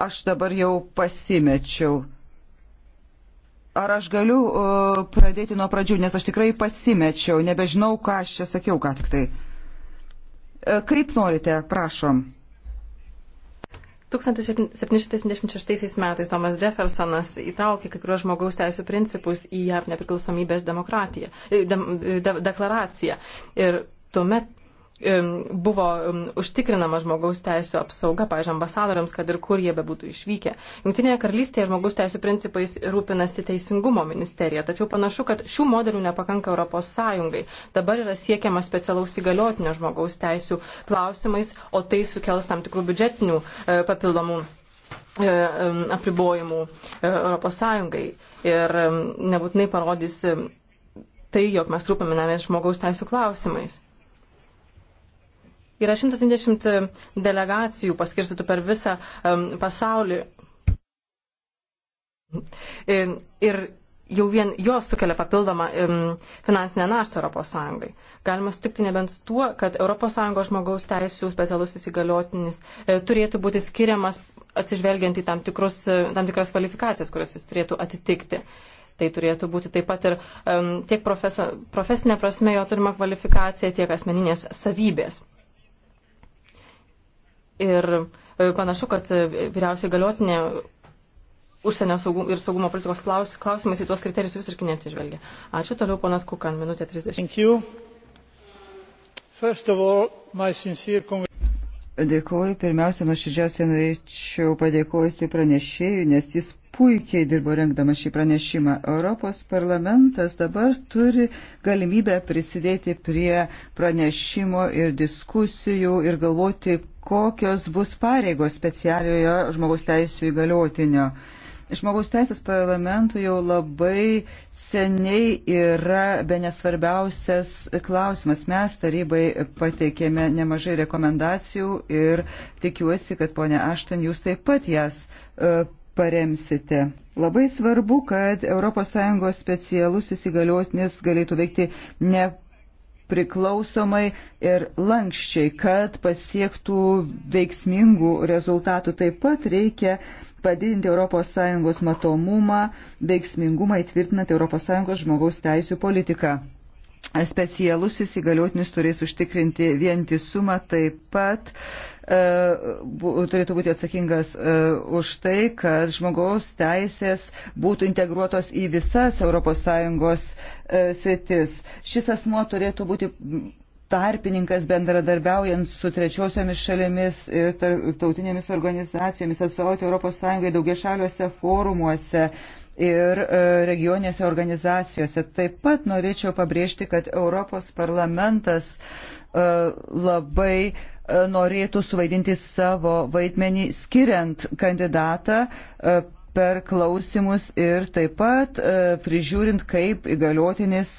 Aš dabar jau pasimečiau. Ar aš galiu uh, pradėti nuo pradžių, nes aš tikrai pasimečiau, nebežinau, ką aš čia sakiau ką tik tai. Uh, kaip norite, prašom. 1776 metais Tomas Jeffersonas įtraukė kai kurios žmogaus teisų principus į JAV nepriklausomybės demokratiją, e, de, e, de, deklaraciją. Ir tuomet buvo užtikrinama žmogaus teisų apsauga, pažiūrėjau, ambasadoriams, kad ir kur jie bebūtų išvykę. Junktinėje karalystėje žmogaus teisų principais rūpinasi Teisingumo ministerija, tačiau panašu, kad šių modelių nepakanka Europos Sąjungai. Dabar yra siekiama specialaus įgaliotinio žmogaus teisų klausimais, o tai sukels tam tikrų biudžetinių e, papildomų e, apribojimų e, Europos Sąjungai ir nebūtinai parodys tai, jog mes rūpinamės žmogaus teisų klausimais. Yra 120 e, delegacijų paskirstytų per visą um, pasaulį. E, ir jau vien jos sukelia papildomą um, finansinę naštą ES. Galima sutikti nebent tuo, kad ES žmogaus teisų specialus įsigaliotinis e, turėtų būti skiriamas atsižvelgiant į tam, tikrus, e, tam tikras kvalifikacijas, kurias jis turėtų atitikti. Tai turėtų būti taip pat ir um, tiek profeso, profesinė prasme jo turima kvalifikacija, tiek asmeninės savybės. Ir e, panašu, kad e, vyriausiai galiotinė užsienio saugum ir saugumo politikos klaus, klausimais į tuos kriterijus visiškai neatsižvelgia. Ačiū toliau, ponas Kukan, minutė 30. All, Dėkuoju, pirmiausia, nuoširdžiausiai norėčiau padėkoti pranešėjui, nes jis puikiai dirbo rengdamas šį pranešimą. Europos parlamentas dabar turi galimybę prisidėti prie pranešimo ir diskusijų ir galvoti, kokios bus pareigos specialiojo žmogaus teisų įgaliotinio. Žmogaus teisės parlamentų jau labai seniai yra be nesvarbiausias klausimas. Mes tarybai pateikėme nemažai rekomendacijų ir tikiuosi, kad ponia Ašton, jūs taip pat jas e, paremsite. Labai svarbu, kad ES specialus įsigaliotinis galėtų veikti ne priklausomai ir lankščiai, kad pasiektų veiksmingų rezultatų. Taip pat reikia padidinti ES matomumą, veiksmingumą įtvirtinant ES žmogaus teisų politiką. Specialusis įgaliotinis turės užtikrinti vientisumą taip pat E, turėtų būti atsakingas e, už tai, kad žmogaus teisės būtų integruotos į visas ES e, sritis. Šis asmo turėtų būti tarpininkas bendradarbiaujant su trečiosiomis šalimis ir tautinėmis organizacijomis atstovauti ES daugiašaliuose forumuose ir e, regionėse organizacijose. Taip pat norėčiau pabrėžti, kad Europos parlamentas e, labai e, norėtų suvaidinti savo vaidmenį skiriant kandidatą per klausimus ir taip pat prižiūrint, kaip įgaliotinis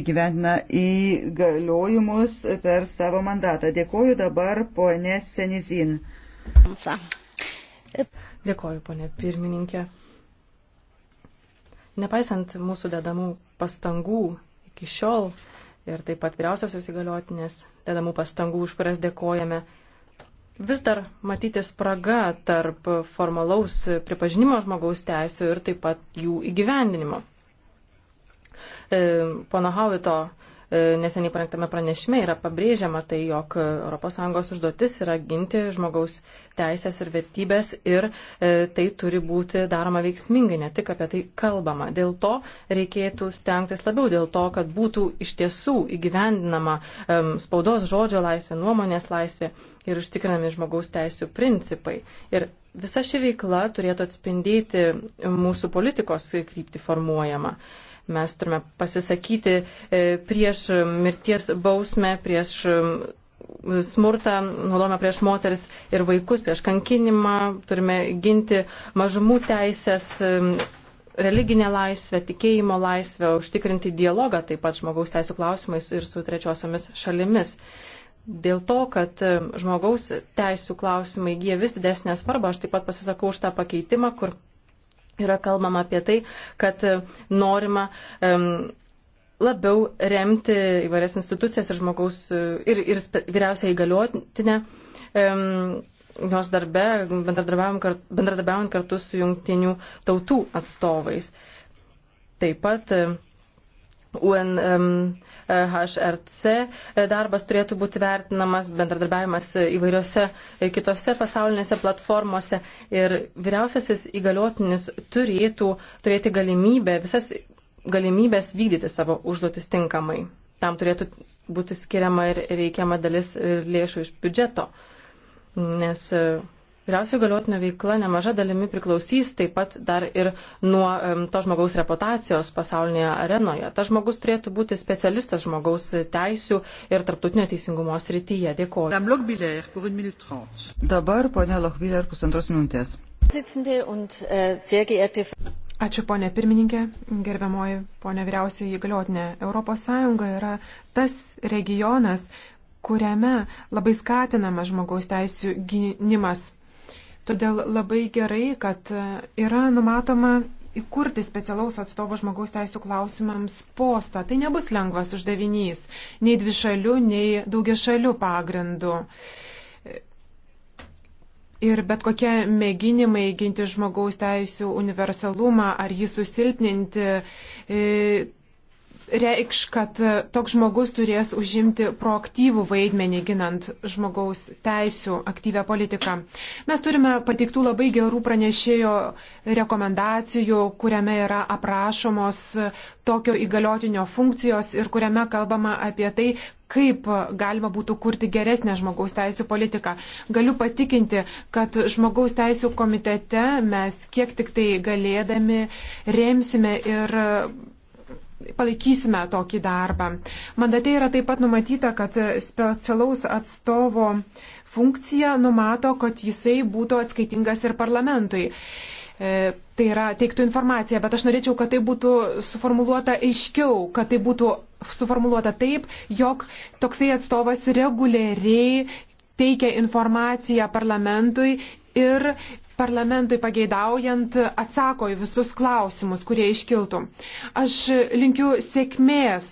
įgyvendina įgaliojimus per savo mandatą. Dėkoju dabar ponė Senizin. Dėkoju ponė pirmininkė. Nepaisant mūsų dedamų pastangų iki šiol ir taip pat vyriausiosios įgaliotinės dedamų pastangų, už kurias dėkojame, vis dar matyti spraga tarp formalaus pripažinimo žmogaus teisų ir taip pat jų įgyvendinimo. E, pono Havito neseniai parengtame pranešime yra pabrėžiama tai, jog ES užduotis yra ginti žmogaus teisės ir vertybės ir e, tai turi būti daroma veiksmingai, ne tik apie tai kalbama. Dėl to reikėtų stengtis labiau, dėl to, kad būtų iš tiesų įgyvendinama spaudos žodžio laisvė, nuomonės laisvė ir užtikrinami žmogaus teisų principai. Ir Visa ši veikla turėtų atspindėti mūsų politikos krypti formuojamą. Mes turime pasisakyti e, prieš mirties bausmę, prieš e, smurtą, naudojame prieš moteris ir vaikus, prieš kankinimą, turime ginti mažumų teisės e, religinę laisvę, tikėjimo laisvę, užtikrinti dialogą taip pat žmogaus teisų klausimais ir su trečiosiomis šalimis. Dėl to, kad žmogaus teisų klausimai gyja vis didesnę svarbą, aš taip pat pasisakau už tą pakeitimą, kur yra kalbama apie tai, kad e, norima um, labiau remti įvairias institucijas ir žmogaus e, ir, ir vyriausiai įgaliotinę. Um, Nors darbe, bendradarbiaujant kartu su jungtinių tautų atstovais. Taip pat e, UN um, HRC darbas turėtų būti vertinamas, bendradarbiavimas įvairiose kitose pasaulinėse platformose ir vyriausiasis įgaliotinis turėtų turėti galimybę, visas galimybės vykdyti savo užduotis tinkamai. Tam turėtų būti skiriama ir reikiama dalis ir lėšų iš biudžeto, nes Vyriausio galiotinio veikla nemaža dalimi priklausys taip pat dar ir nuo um, to žmogaus reputacijos pasaulinėje arenoje. Ta žmogus turėtų būti specialistas žmogaus teisų ir tarptautinio teisingumo srityje. Dėkuoju. Dabar ponė Lochbiller pusantros minutės. Äh, Ačiū ponė pirmininkė, gerbiamoji ponė vyriausiai įgaliotinė. ES yra tas regionas, kuriame labai skatinamas žmogaus teisų gynimas. Todėl labai gerai, kad e, yra numatoma įkurti specialaus atstovo žmogaus teisų klausimams postą. Tai nebus lengvas uždavinys, nei dvišalių, nei daugiašalių pagrindų. Ir bet kokie mėginimai ginti žmogaus teisų universalumą ar jį susilpninti, e, reikš, kad e, toks žmogus turės užimti proaktyvų vaidmenį ginant žmogaus teisų aktyvę politiką. Mes turime pateiktų labai gerų pranešėjo rekomendacijų, kuriame yra aprašomos e, tokio įgaliotinio funkcijos ir kuriame kalbama apie tai, kaip galima būtų kurti geresnę žmogaus teisų politiką. Galiu patikinti, kad žmogaus teisų komitete mes kiek tik tai galėdami remsime ir palaikysime tokį darbą. Mandate yra taip pat numatyta, kad specialaus atstovo funkcija numato, kad jisai būtų atskaitingas ir parlamentui. E, tai yra teiktų informaciją, bet aš norėčiau, kad tai būtų suformuoluota aiškiau, kad tai būtų suformuoluota taip, jog toksai atstovas reguliariai teikia informaciją parlamentui ir parlamentui pageidaujant atsako į visus klausimus, kurie iškiltų. Aš linkiu sėkmės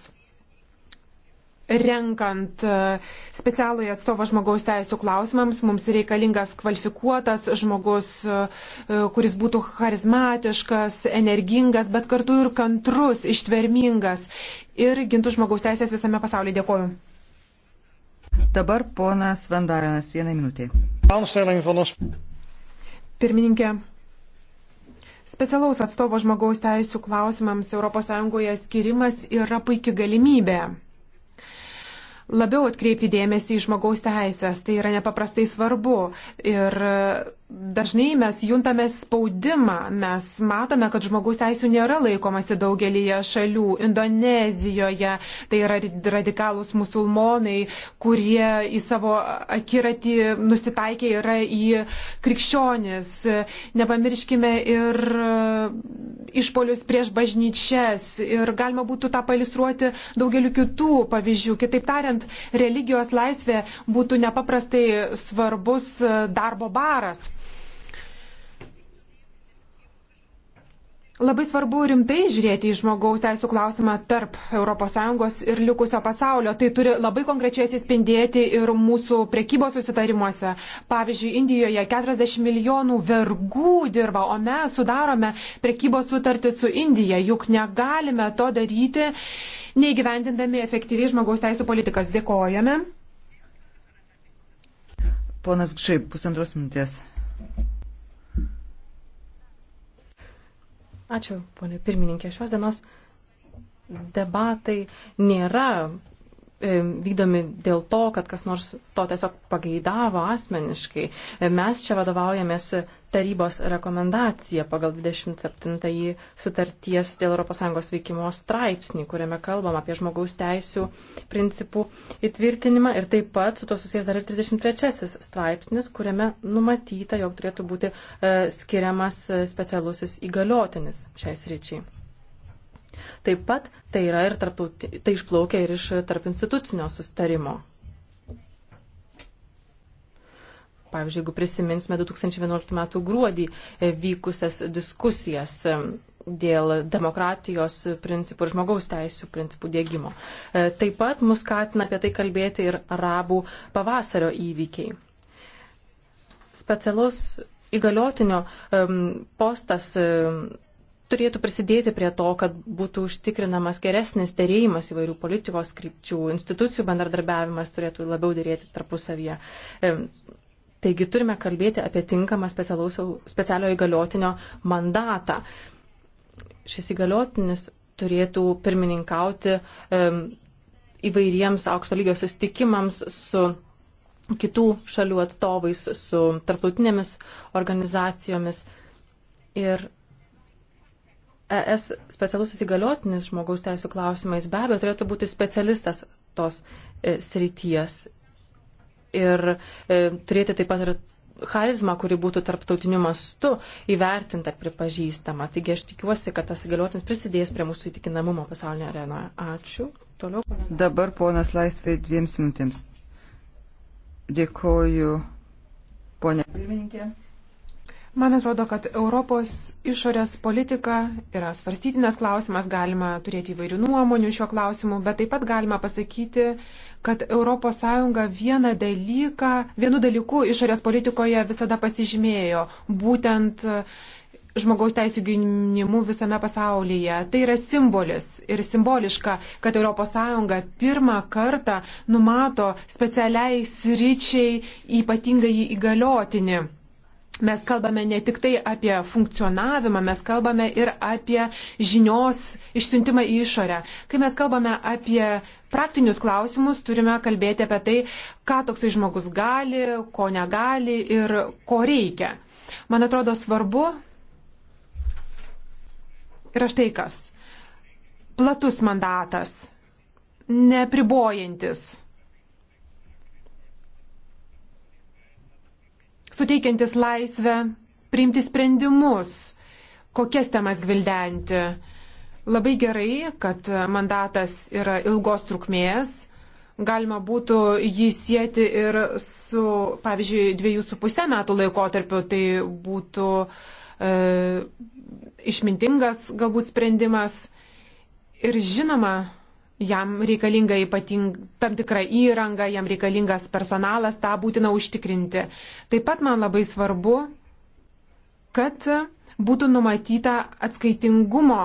renkant e, specialai atstovą žmogaus teisų klausimams, mums reikalingas kvalifikuotas žmogus, e, kuris būtų charizmatiškas, energingas, bet kartu ir kantrus, ištvermingas ir gintų žmogaus teisės visame pasaulyje. Dėkoju. Dabar ponas Vandarinas, vieną minutę. Pirmininkė, specialaus atstovo žmogaus teisų klausimams ES skirimas yra puikia galimybė labiau atkreipti dėmesį į žmogaus teisės. Tai yra nepaprastai svarbu. Ir dažnai mes juntame spaudimą, mes matome, kad žmogaus teisų nėra laikomasi daugelįje šalių. Indonezijoje tai yra radikalūs musulmonai, kurie į savo akiratį nusitaikė yra į krikščionis. Nepamirškime ir išpolius prieš bažnyčias. Ir galima būtų tą palistruoti daugeliu kitų pavyzdžių. Kitaip tariant, būtent religijos laisvė būtų nepaprastai svarbus e, darbo baras. Labai svarbu rimtai žiūrėti į žmogaus teisų klausimą tarp ES ir likusio pasaulio. Tai turi labai konkrečiai atsispindėti ir mūsų prekybos susitarimuose. Pavyzdžiui, Indijoje 40 milijonų vergų dirba, o mes sudarome prekybos sutartį su Indija. Juk negalime to daryti, neįgyvendindami efektyviai žmogaus teisų politikas. Dėkojame. Ponas Gšai, pusantros minutės. Ačiū, ponė pirmininkė. Šios dienos debatai nėra E, vykdomi dėl to, kad kas nors to tiesiog pageidavo asmeniškai. E, mes čia vadovaujamės tarybos rekomendacija pagal 27 sutarties dėl ES veikimo straipsnį, kuriame kalbam apie žmogaus teisų principų įtvirtinimą ir taip pat su to susijęs dar ir 33 straipsnis, kuriame numatyta, jog turėtų būti e, skiriamas specialusis įgaliotinis šiais ryčiai. Taip pat tai, yra ir tarptauti, tai išplaukia ir iš tarp institucinio sustarimo. Pavyzdžiui, jeigu prisiminsime 2011 m. gruodį vykusias diskusijas dėl demokratijos principų ir žmogaus teisų principų dėgymo. E, taip pat mus skatina apie tai kalbėti ir arabų pavasario įvykiai. Specialus įgaliotinio postas turėtų prisidėti prie to, kad būtų užtikrinamas geresnis dėrėjimas įvairių politikos krypčių, institucijų bendradarbiavimas turėtų labiau dėrėti tarpusavyje. E, taigi turime kalbėti apie tinkamą specialiojo įgaliotinio mandatą. Šis įgaliotinis turėtų pirmininkauti e, įvairiems aukšto lygio sustikimams su kitų šalių atstovais, su tarptautinėmis organizacijomis. Ir ES specialus įsigaliotinis žmogaus teisų klausimais be abejo turėtų būti specialistas tos e, srities ir e, turėti taip pat ir charizmą, kuri būtų tarptautiniu mastu įvertinta ir pripažįstama. Taigi aš tikiuosi, kad tas įgaliotinis prisidės prie mūsų įtikinamumo pasaulinėje arenoje. Ačiū. Toliau. Dabar ponas Laisvė dviems minutėms. Dėkoju, ponė pirmininkė. Man atrodo, kad Europos išorės politika yra svarstytinas klausimas, galima turėti įvairių nuomonių šiuo klausimu, bet taip pat galima pasakyti, kad ES vieną dalyką, vienu dalyku išorės politikoje visada pasižymėjo, būtent e, žmogaus teisų gynimu visame pasaulyje. Tai yra simbolis ir simboliška, kad ES pirmą kartą numato specialiai sričiai ypatingai įgaliotinį Mes kalbame ne tik tai apie funkcionavimą, mes kalbame ir apie žinios išsiuntimą į išorę. Kai mes kalbame apie praktinius klausimus, turime kalbėti apie tai, ką toksai žmogus gali, ko negali ir ko reikia. Man atrodo svarbu yra štai kas. Platus mandatas, nepribojantis suteikiantis laisvę priimti sprendimus, kokias temas gvildenti. Labai gerai, kad mandatas yra ilgos trukmės. Galima būtų jį sieti ir su, pavyzdžiui, dviejų su pusę metų laikotarpiu. Tai būtų e, išmintingas galbūt sprendimas. Ir žinoma, jam reikalinga ypating, tam tikra įranga, jam reikalingas personalas, tą būtina užtikrinti. Taip pat man labai svarbu, kad būtų numatyta atskaitingumo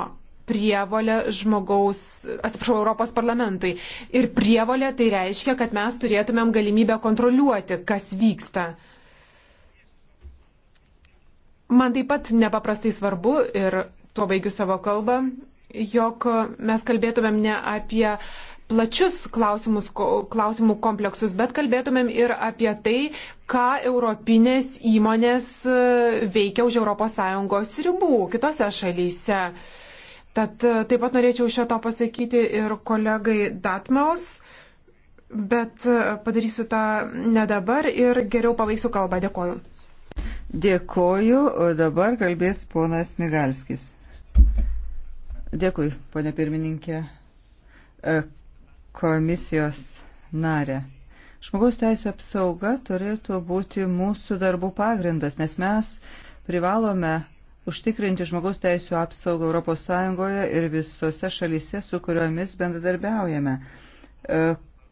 prievolė žmogaus, atsiprašau, Europos parlamentui. Ir prievolė tai reiškia, kad mes turėtumėm galimybę kontroliuoti, kas vyksta. Man taip pat nepaprastai svarbu ir tuo baigiu savo kalbą, jog mes kalbėtumėm ne apie plačius klausimus, klausimų kompleksus, bet kalbėtumėm ir apie tai, ką europinės įmonės e, veikia už ES ribų kitose šalyse. Tad e, taip pat norėčiau šio to pasakyti ir kolegai Datmaus, bet e, padarysiu tą ne dabar ir geriau pavaisiu kalbą. Dėkoju. Dėkoju, o dabar kalbės ponas Migalskis. Dėkui, ponė pirmininkė, e, komisijos narė. Žmogaus teisų apsauga turėtų būti mūsų darbų pagrindas, nes mes privalome užtikrinti žmogaus teisų apsaugą ES ir visose šalyse, su kuriomis bendradarbiaujame, e,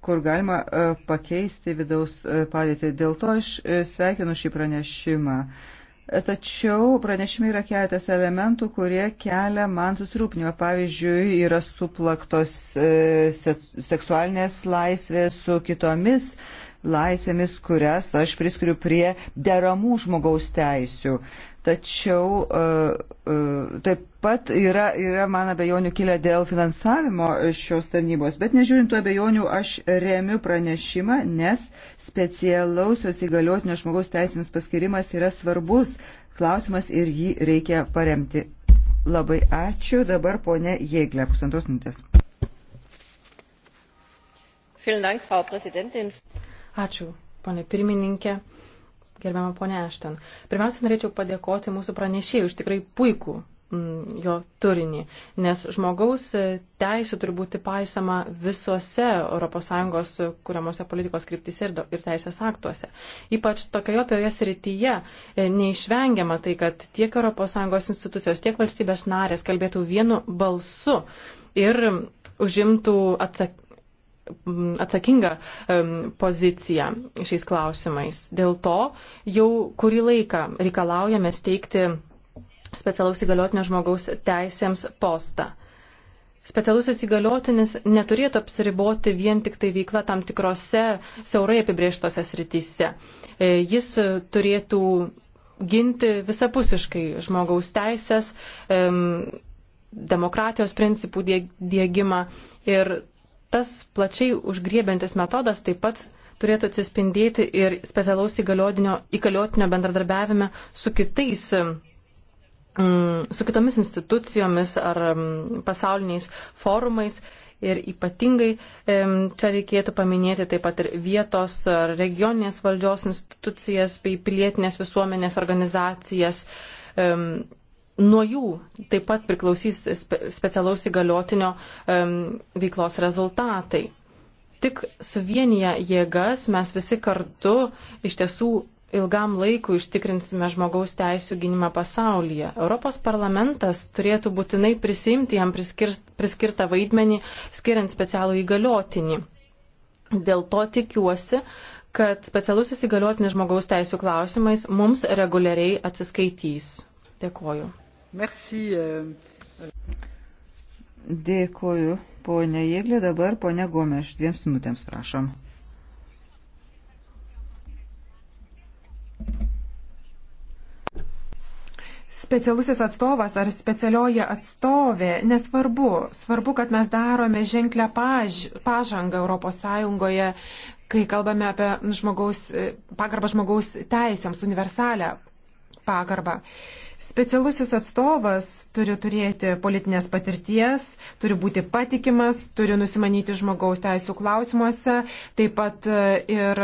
kur galima e, pakeisti vidaus padėtį. Dėl to aš sveikinu šį pranešimą. Tačiau pranešime yra keletas elementų, kurie kelia man susirūpinimą. Pavyzdžiui, yra suplaktos e, seksualinės laisvės su kitomis laisvėmis, kurias aš priskiriu prie deramų žmogaus teisių. E, tačiau e, e, taip pat yra, yra man abejonių kilę dėl finansavimo šios tarnybos. Bet nežiūrint tų abejonių, aš remiu pranešimą, nes specialausios įgaliotinio žmogaus teisėms paskirimas yra svarbus klausimas ir jį reikia paremti. Labai ačiū. Dabar ponė Jėglė, pusantros minutės. Ačiū, ponė pirmininkė gerbiamą ponę Ešten. Pirmiausia, norėčiau padėkoti mūsų pranešėjui už tikrai puikų mm, jo turinį, nes žmogaus e, teisų turi būti paisama visuose ES kuriamuose politikos kryptise ir, ir teisės aktuose. Ypač tokioje opioje srityje e, neišvengiama tai, kad tiek ES institucijos, tiek valstybės narės kalbėtų vienu balsu ir užimtų atsak atsakingą poziciją šiais klausimais. Dėl to jau kurį laiką reikalaujame steigti specialaus įgaliotinio žmogaus teisėms postą. Specialusis įgaliotinis neturėtų apsiriboti vien tik tai veikla tam tikrose siaurai apibrieštose srityse. E, jis turėtų ginti visapusiškai žmogaus teisės, demokratijos principų dėgymą ir tas plačiai užgriebiantis metodas taip pat turėtų atsispindėti ir specialaus įgaliotinio bendradarbiavime su kitais mm, su kitomis institucijomis ar mm, pasauliniais forumais ir ypatingai čia reikėtų paminėti taip pat ir vietos ar regioninės valdžios institucijas bei pilietinės visuomenės organizacijas nuo jų taip pat priklausys spe, specialaus įgaliotinio um, veiklos rezultatai. Tik suvienyje jėgas mes visi kartu iš tiesų ilgam laikui užtikrinsime žmogaus teisų gynimą pasaulyje. Europos parlamentas turėtų būtinai prisimti jam priskirtą vaidmenį, skiriant specialų įgaliotinį. Dėl to tikiuosi, kad specialusis įgaliotinis žmogaus teisų klausimais mums reguliariai atsiskaitys. Dėkoju. Merci. Euh, Dėkoju, ponė Jėglė. Dabar ponė Gomeš, dviems minutėms prašom. specialusis atstovas ar specialioji atstovė, nesvarbu. Svarbu, kad mes darome ženklę paž, pažangą ES, kai kalbame apie žmogaus, e, pagarbą žmogaus teisėms, universalę pagarbą. Specialusis atstovas turi turėti politinės patirties, turi būti patikimas, turi nusimanyti žmogaus teisų klausimuose, taip pat e, ir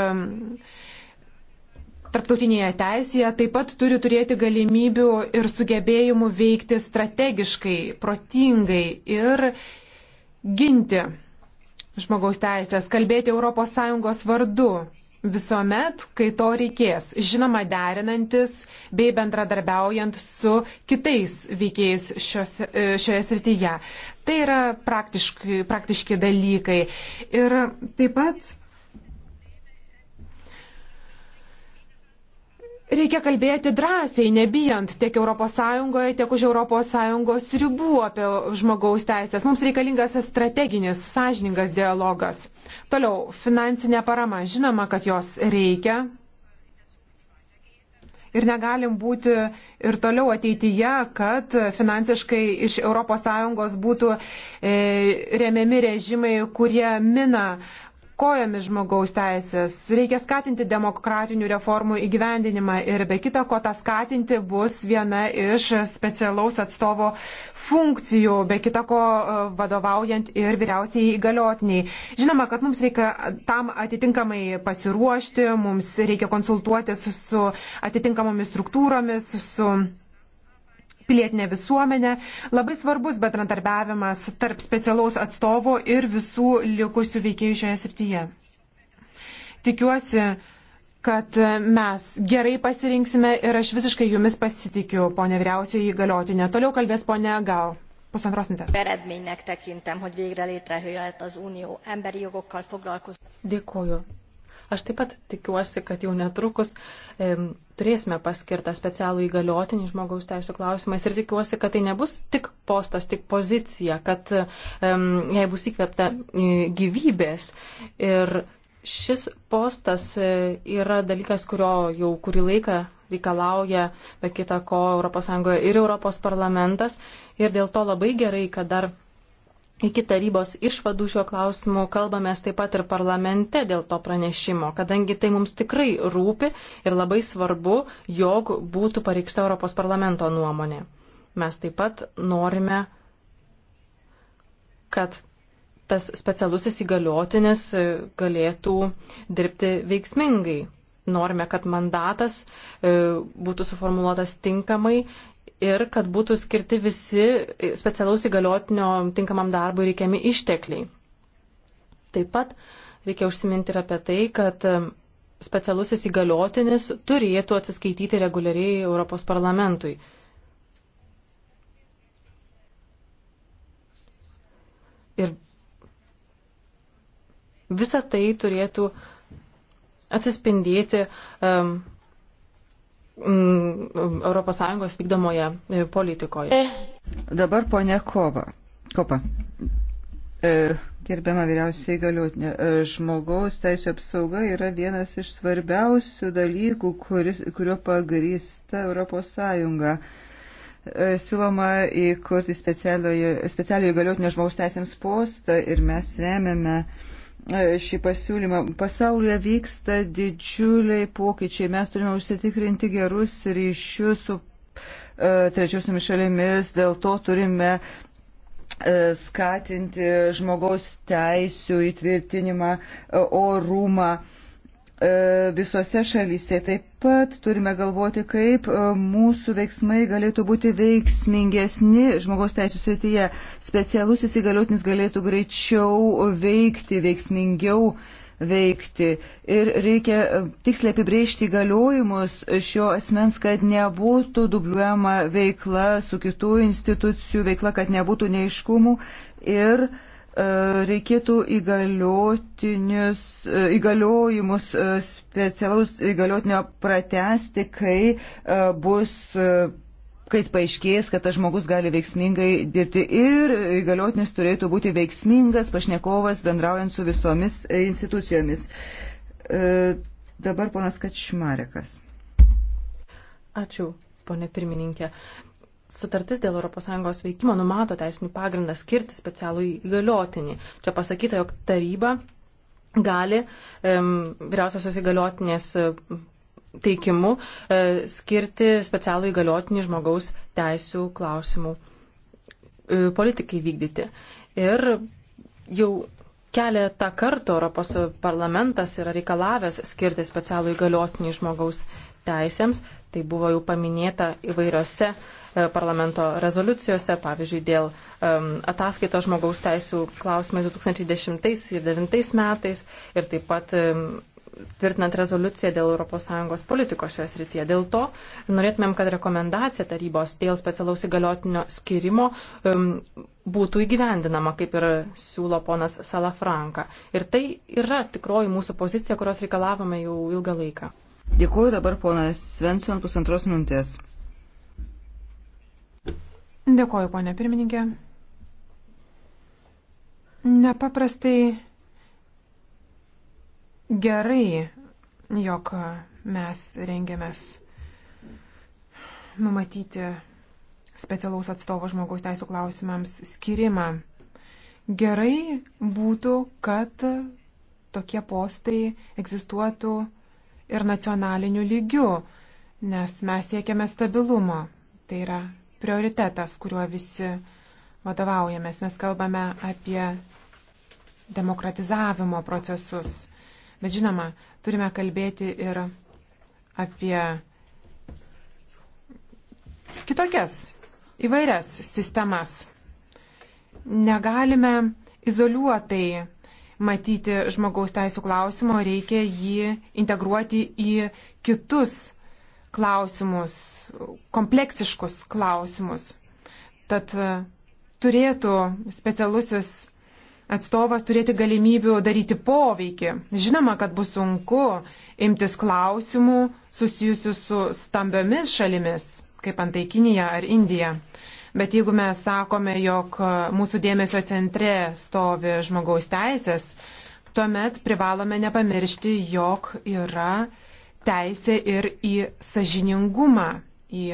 tarptautinėje teisėje, taip pat turi turėti galimybių ir sugebėjimų veikti strategiškai, protingai ir ginti žmogaus teisės, kalbėti ES vardu, visuomet, kai to reikės, žinoma, derinantis bei bendradarbiaujant su kitais veikėjais šios, e, šioje srityje. Tai yra praktiški dalykai. Ir taip pat Reikia kalbėti drąsiai, nebijant tiek ES, tiek už ES ribų apie žmogaus teisės. Mums reikalingas strateginis, sąžiningas dialogas. Toliau, finansinė parama. Žinoma, kad jos reikia. Ir negalim būti ir toliau ateityje, kad finansiškai iš ES būtų e, remiami režimai, kurie mina kojomis žmogaus teisės. Reikia skatinti demokratinių reformų įgyvendinimą ir be kita ko tą skatinti bus viena iš specialaus atstovo funkcijų, be kita ko e, vadovaujant ir vyriausiai įgaliotiniai. Žinoma, kad mums reikia tam atitinkamai pasiruošti, mums reikia konsultuotis su atitinkamomis struktūromis, su pilietinę visuomenę. Labai svarbus bendradarbiavimas tarp specialaus atstovo ir visų likusių veikėjų šioje srityje. Tikiuosi, kad mes gerai pasirinksime ir aš visiškai jumis pasitikiu, ponė vyriausiai įgaliotinė. Toliau kalbės ponė Gal eredménynek tekintem hogy végre létrejöhet az unió emberi jogokkal foglalkozó. Aš taip pat tikiuosi, kad jau netrukus e, turėsime paskirtą specialų įgaliotinį žmogaus teisų klausimais ir tikiuosi, kad tai nebus tik postas, tik pozicija, kad e, jai bus įkvėpta e, gyvybės. Ir šis postas e, yra dalykas, kurio jau kurį laiką reikalauja, be kita ko, ES ir ES parlamentas. Ir dėl to labai gerai, kad dar iki tarybos išvadų šiuo klausimu kalbamės taip pat ir parlamente dėl to pranešimo, kadangi tai mums tikrai rūpi ir labai svarbu, jog būtų pareikšta Europos parlamento nuomonė. Mes taip pat norime, kad tas specialusis įgaliotinis galėtų dirbti veiksmingai. Norime, kad mandatas e, būtų suformuoluotas tinkamai ir kad būtų skirti visi specialaus įgaliotinio tinkamam darbui reikiami ištekliai. Taip pat reikia užsiminti ir apie tai, kad um, specialusis įgaliotinis turėtų atsiskaityti reguliariai Europos parlamentui. Ir visa tai turėtų atsispindėti um, mm, ES vykdomoje e, politikoje. E. Dabar ponia Kova. Kopa. E, gerbiama vyriausiai galiotinė, žmogaus teisų apsauga yra vienas iš svarbiausių dalykų, kuris, kurio pagrįsta Europos Sąjunga. Siloma įkurti specialiojo galiotinio žmogaus teisėms postą ir mes remiame uh, E, šį pasiūlymą. Pasaulyje vyksta didžiuliai pokyčiai. Mes turime užsitikrinti gerus ryšius su e, trečiosiomis šalimis, dėl to turime e, skatinti žmogaus teisų įtvirtinimą, orumą. E, visose šalyse. Taip pat turime galvoti, kaip e, mūsų veiksmai galėtų būti veiksmingesni žmogaus teisų srityje. Specialusis įgaliotinis galėtų greičiau veikti, veiksmingiau veikti. Ir reikia e, tiksliai apibrėžti įgaliojimus šio asmens, kad nebūtų dubliuojama veikla su kitų institucijų veikla, kad nebūtų neiškumų. Ir uh, E, reikėtų e, įgaliojimus e, specialaus įgaliotinio pratesti, kai bus kai paaiškės, kad tas žmogus gali veiksmingai dirbti ir įgaliotinis turėtų būti veiksmingas pašnekovas bendraujant su visomis institucijomis. Dabar ponas Kačmarekas. Ačiū, ponė pirmininkė sutartis dėl ES veikimo numato teisinį pagrindą skirti specialų įgaliotinį. Čia pasakyta, jog taryba gali um, vyriausiosios įgaliotinės e, teikimu uh, skirti specialų įgaliotinį žmogaus teisų klausimų uh, politikai vykdyti. Ir jau keletą kartų Europos parlamentas yra reikalavęs skirti specialų įgaliotinį žmogaus teisėms. Tai buvo jau paminėta įvairiose uh, E, parlamento rezoliucijose, pavyzdžiui, dėl ataskaito žmogaus teisų klausimais 2010 ir 2009 metais ir taip pat tvirtinant rezoliuciją dėl ES politikos šioje srityje. Dėl to norėtumėm, kad rekomendacija tarybos dėl specialaus įgaliotinio skirimo um, būtų įgyvendinama, kaip ir siūlo ponas Salafranka. Ir tai yra tikroji mūsų pozicija, kurios reikalavome jau ilgą laiką. Dėkuoju dabar ponas Svensson pusantros minutės. Dėkoju, ponė pirmininkė. Nepaprastai gerai, jog mes rengiamės numatyti specialaus atstovo žmogaus teisų klausimams skirimą. Gerai būtų, kad tokie postai egzistuotų ir nacionaliniu lygiu, nes mes siekiame stabilumo. Tai yra prioritetas, kuriuo visi vadovaujamės. Mes kalbame apie demokratizavimo procesus. Bet žinoma, turime kalbėti ir apie kitokias įvairias sistemas. Negalime izoliuotai matyti žmogaus teisų klausimo, reikia jį integruoti į kitus klausimus, kompleksiškus klausimus. Tad e, turėtų specialusis atstovas turėti galimybių daryti poveikį. Žinoma, kad bus sunku imtis klausimų susijusių su stambiomis šalimis, kaip antai Kinija ar Indija. Bet jeigu mes sakome, jog e, mūsų dėmesio centre stovi žmogaus teisės, tuomet privalome nepamiršti, jog yra teisę ir į sažiningumą, į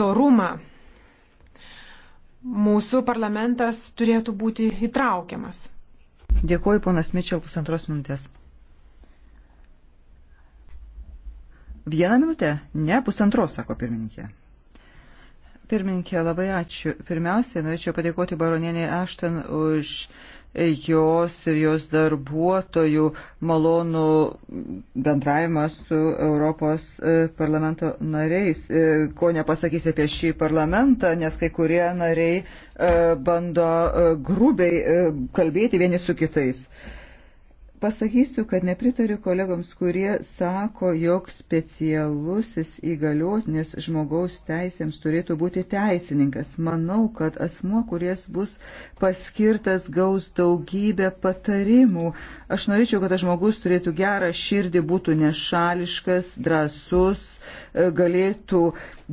dorumą. Mūsų parlamentas turėtų būti įtraukiamas. Dėkuoju, ponas Mičel, pusantros minutės. Vieną minutę? Ne, pusantros, sako pirmininkė. Pirmininkė, labai ačiū. Pirmiausiai norėčiau padėkoti baronieniai Ašten už jos ir jos darbuotojų malonų bendravimą su Europos e, parlamento nariais. E, ko nepasakysi apie šį parlamentą, nes kai kurie nariai e, bando grubiai kalbėti vieni su kitais. Pasakysiu, kad nepritariu kolegoms, kurie sako, jog specialusis įgaliotinis žmogaus teisėms turėtų būti teisininkas. Manau, kad asmuo, kuris bus paskirtas, gaus daugybę patarimų. Aš norėčiau, kad tas žmogus turėtų gerą širdį, būtų nešališkas, drasus, e, galėtų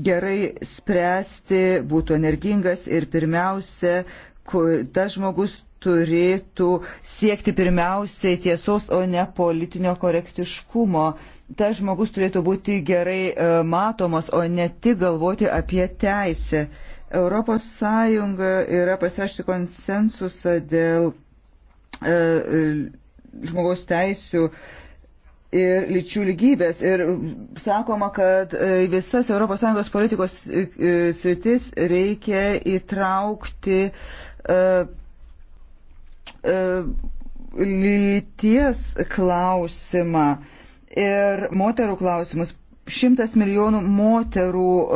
gerai spręsti, būtų energingas ir pirmiausia, kur tas žmogus turėtų siekti pirmiausiai tiesos, o ne politinio korektiškumo. Ta žmogus turėtų būti gerai e, matomas, o ne tik galvoti apie teisę. Europos Sąjunga yra pasirašyti konsensusą dėl e, e, žmogaus teisių ir lyčių lygybės. Ir sakoma, kad e, visas ES politikos sritis reikia įtraukti e, E, lyties klausimą ir moterų klausimus. Šimtas milijonų moterų e,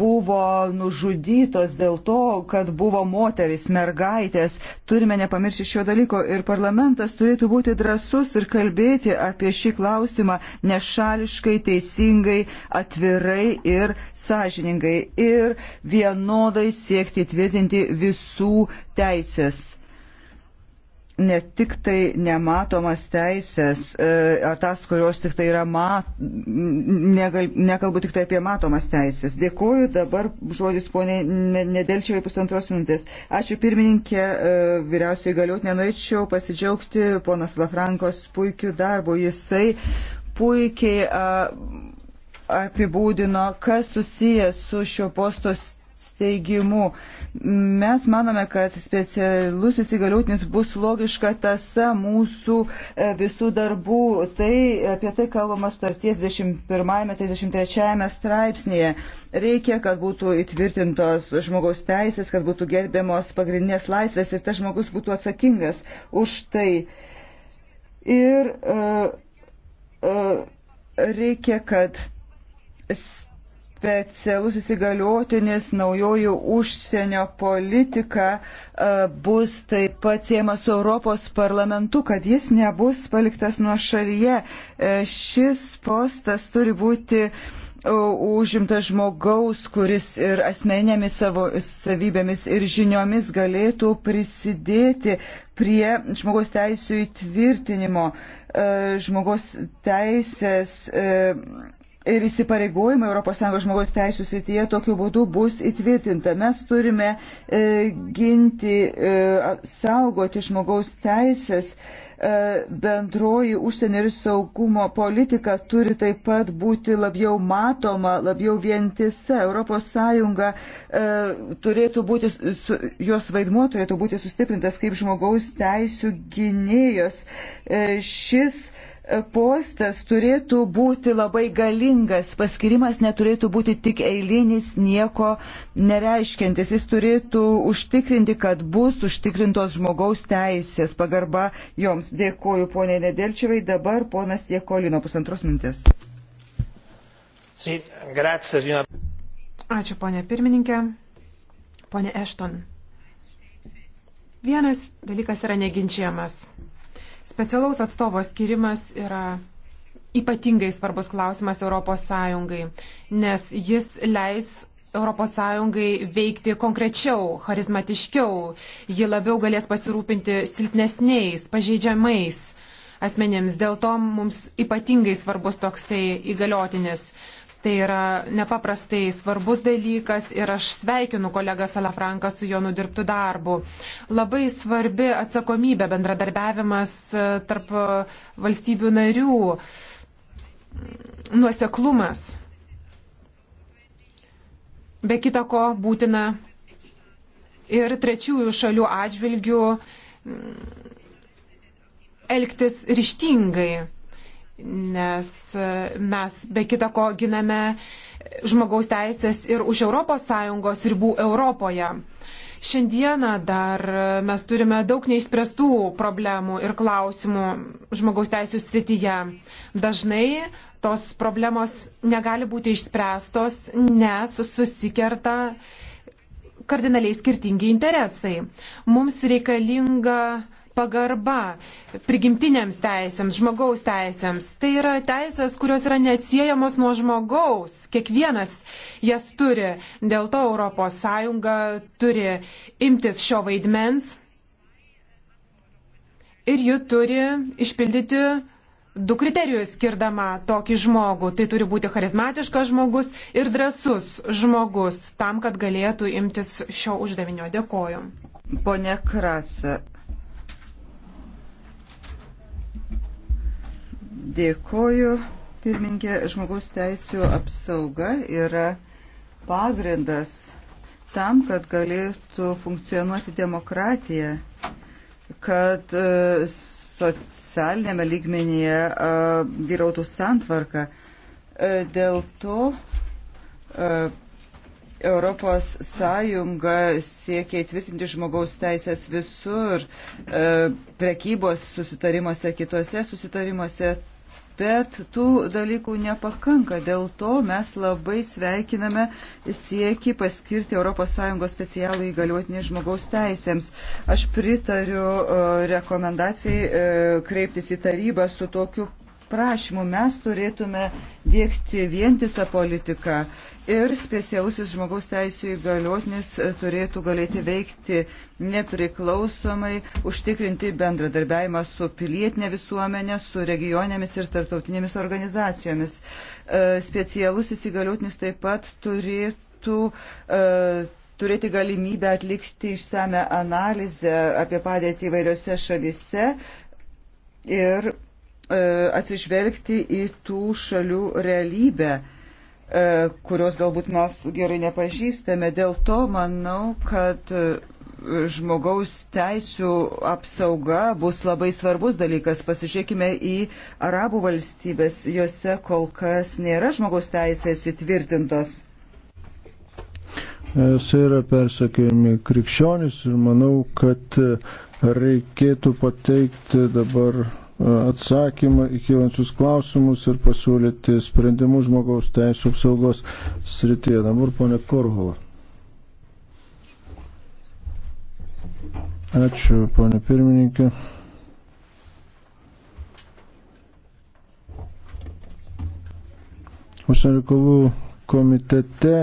buvo nužudytos dėl to, kad buvo moteris, mergaitės. Turime nepamiršti šio dalyko ir parlamentas turėtų būti drasus ir kalbėti apie šį klausimą nešališkai, teisingai, atvirai ir sąžiningai ir vienodai siekti tvirtinti visų teisės ne tik tai nematomas teisės, e, ar tas, kurios tik tai yra mat, negal, nekalbu tik tai apie matomas teisės. Dėkuoju, dabar žodis poniai Nedelčiavai pusantros minutės. Ačiū pirmininkė, e, vyriausiai galiuot, nenorėčiau pasidžiaugti ponas Lafrankos puikiu darbu. Jisai puikiai apibūdino, kas susijęs su šio postos steigimu. Mes manome, kad specialus įsigaliotinis bus logiška tasa mūsų e, visų darbų. Tai apie tai kalbama starties 21-33 straipsnėje. Reikia, kad būtų įtvirtintos žmogaus teisės, kad būtų gerbiamos pagrindinės laisvės ir tas žmogus būtų atsakingas už tai. Ir uh, uh, reikia, kad specialus įsigaliotinis naujojų užsienio politika e, bus taip pat siejamas su Europos parlamentu, kad jis nebus paliktas nuo šalyje. E, šis postas turi būti e, užimtas žmogaus, kuris ir asmenėmis savo savybėmis ir žiniomis galėtų prisidėti prie žmogaus teisų įtvirtinimo. Žmogaus teisės ir įsipareigojimai ES žmogaus teisų srityje tokiu būdu bus įtvirtinta. Mes turime e, ginti, e, saugoti žmogaus teisės. E, bendroji užsienio ir saugumo politika turi taip pat būti labiau matoma, labiau vientisa. ES e, turėtų būti, su, jos vaidmuo turėtų būti sustiprintas kaip žmogaus teisų gynėjos. E, šis postas turėtų būti labai galingas, paskirimas neturėtų būti tik eilinis, nieko nereiškintis. Jis turėtų užtikrinti, kad bus užtikrintos žmogaus teisės. Pagarba joms. Dėkuoju, poniai Nedelčiavai. Dabar ponas Jekolino pusantros mintės. Ačiū, ponė pirmininkė. Pone Ešton. Vienas dalykas yra neginčiamas Specialaus atstovo skirimas yra ypatingai svarbus klausimas ES, nes jis leis ES veikti konkrečiau, charizmatiškiau, ji labiau galės pasirūpinti silpnesniais, pažeidžiamais asmenėms. Dėl to mums ypatingai svarbus toksai įgaliotinis. Tai yra nepaprastai svarbus dalykas ir aš sveikinu kolegą Salafranką su jo nudirbtu darbu. Labai svarbi atsakomybė bendradarbiavimas e, tarp e, valstybių narių, nuoseklumas. Be kita ko būtina ir trečiųjų šalių atžvilgių elgtis ryštingai nes e, mes be kita ko giname žmogaus teisės ir už ES ribų Europoje. Šiandieną dar e, mes turime daug neišspręstų problemų ir klausimų žmogaus teisų srityje. Dažnai tos problemos negali būti išspręstos, nes susikerta kardinaliai skirtingi interesai. Mums reikalinga pagarba prigimtiniams teisėms, žmogaus teisėms. Tai yra teisės, kurios yra neatsiejamos nuo žmogaus. Kiekvienas jas turi. Dėl to ES turi imtis šio vaidmens ir ji turi išpildyti du kriterijus skirdama tokį žmogų. Tai turi būti charizmatiškas žmogus ir drasus žmogus tam, kad galėtų imtis šio uždavinio. Dėkoju. Pone Kratsa, Dėkoju, pirmininkė, žmogaus teisų apsauga yra pagrindas tam, kad galėtų funkcionuoti demokratija, kad e, socialinėme lygmenyje e, vyrautų santvarka. E, dėl to Europos Sąjunga siekia įtvirtinti žmogaus teisės visur, prekybos susitarimuose, kitose susitarimuose Bet tų dalykų nepakanka, dėl to mes labai sveikiname sieki paskirti ES specialų įgaliotinį žmogaus teisėms. Aš pritariu e, rekomendacijai e, kreiptis į tarybą su tokiu prašymu. Mes turėtume dėkti vientisą politiką ir specialusis žmogaus teisų įgaliotinis turėtų galėti veikti nepriklausomai, užtikrinti bendradarbiavimą su pilietinė visuomenė, su regionėmis ir tarptautinėmis organizacijomis. E, specialusis įgaliotinis taip pat turėtų e, turėti galimybę atlikti išsame analizę apie padėtį įvairiose šalise ir e, atsižvelgti į tų šalių realybę E, kurios galbūt mes gerai nepažįstame. Dėl to manau, kad e, žmogaus teisų apsauga bus labai svarbus dalykas. Pasižiūrėkime į arabų valstybės, jose kol kas nėra žmogaus teisės įtvirtintos. Jisai yra persakėjami krikščionis ir manau, kad reikėtų pateikti dabar atsakymą į kylančius klausimus ir pasiūlyti sprendimus žmogaus teisų apsaugos srityje. Dabar ponė Korhola. Ačiū, ponė pirmininkė. Užsienio reikalų komitete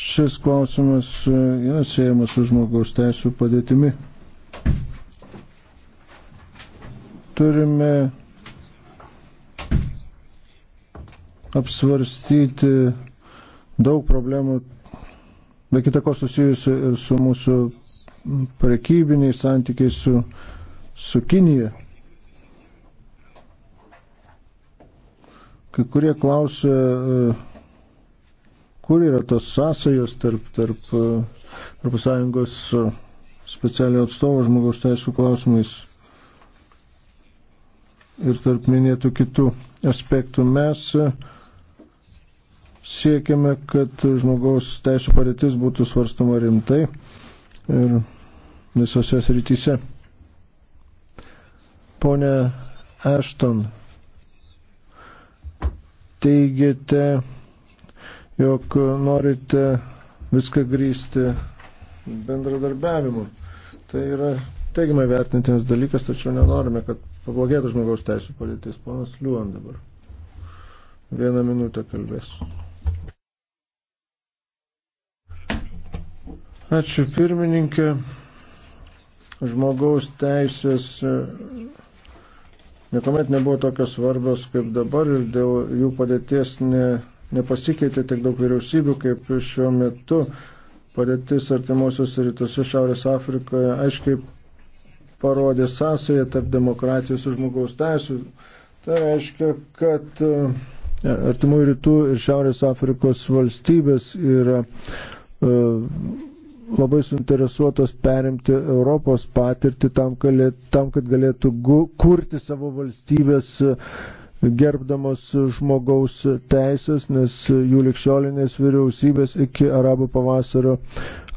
šis klausimas e, yra siejamas su žmogaus teisų padėtimi. turime apsvarstyti daug problemų, be kitako susijusių ir su mūsų prekybiniai santykiai su, su Kinija. Kai kurie klausia, e, kur yra tos sąsajos tarp, tarp, e, tarp sąjungos specialio atstovo žmogaus teisų klausimais ir tarp minėtų kitų aspektų. Mes e, siekiame, kad žmogaus teisų padėtis būtų svarstama rimtai ir visose srityse. Pone Ashton, teigiate, jog norite viską grįsti bendradarbiavimu. Tai yra teigiamai vertintinas dalykas, tačiau nenorime, kad pablogėtų žmogaus teisų padėtis. Ponas Liuon dabar. Vieną minutę kalbės. Ačiū pirmininkė. Žmogaus teisės e, niekuomet nebuvo tokios svarbios kaip dabar ir dėl jų padėties ne, nepasikeitė tiek daug vyriausybių kaip šiuo metu padėtis artimuosiuose rytuose Šiaurės Afrikoje aiškiai parodė sąsąją tarp demokratijos ir žmogaus teisų. Tai reiškia, kad e, Artimųjų rytų ir Šiaurės Afrikos valstybės yra e, labai suinteresuotos perimti Europos patirtį tam, galė, tam kad galėtų gu, kurti savo valstybės e, gerbdamos žmogaus teisės, nes jų likščiolinės vyriausybės iki arabų pavasario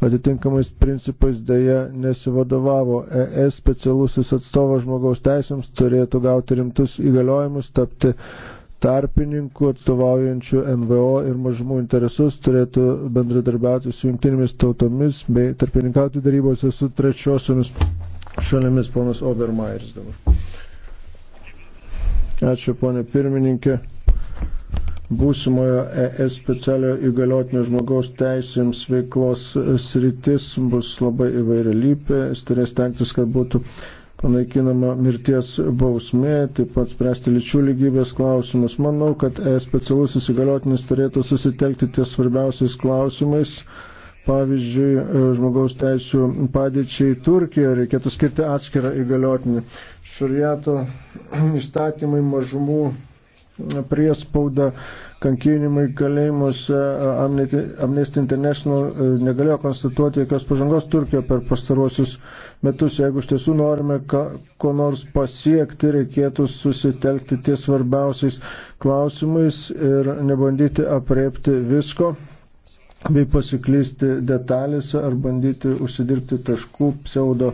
atitinkamais principais dėja nesivadovavo. ES specialusis atstovas žmogaus teisėms turėtų gauti rimtus įgaliojimus, tapti tarpininkų atstovaujančių NVO ir mažumų interesus turėtų bendradarbiauti su jungtinėmis tautomis bei tarpininkauti darybose su trečiosiomis šalimis, ponas Obermairis dabar. Ačiū, ponė pirmininkė būsimojo ES specialio įgaliotinio žmogaus teisėms veiklos sritis bus labai įvairialypė, turės tenktis, kad būtų panaikinama mirties bausmė, taip pat spręsti lyčių lygybės klausimus. Manau, kad ES specialus įsigaliotinis turėtų susitelkti ties svarbiausiais klausimais. Pavyzdžiui, žmogaus teisų padėčiai Turkijoje reikėtų skirti atskirą įgaliotinį. Šuriato (clears throat) įstatymai mažumų priespauda, kankinimai kalėjimuose. Amnesty International e, negalėjo konstatuoti jokios pažangos Turkijoje per pastaruosius metus. Jeigu iš tiesų norime ka, ko nors pasiekti, reikėtų susitelkti ties svarbiausiais klausimais ir nebandyti apriepti visko bei pasiklysti detalėse ar bandyti užsidirbti taškų pseudo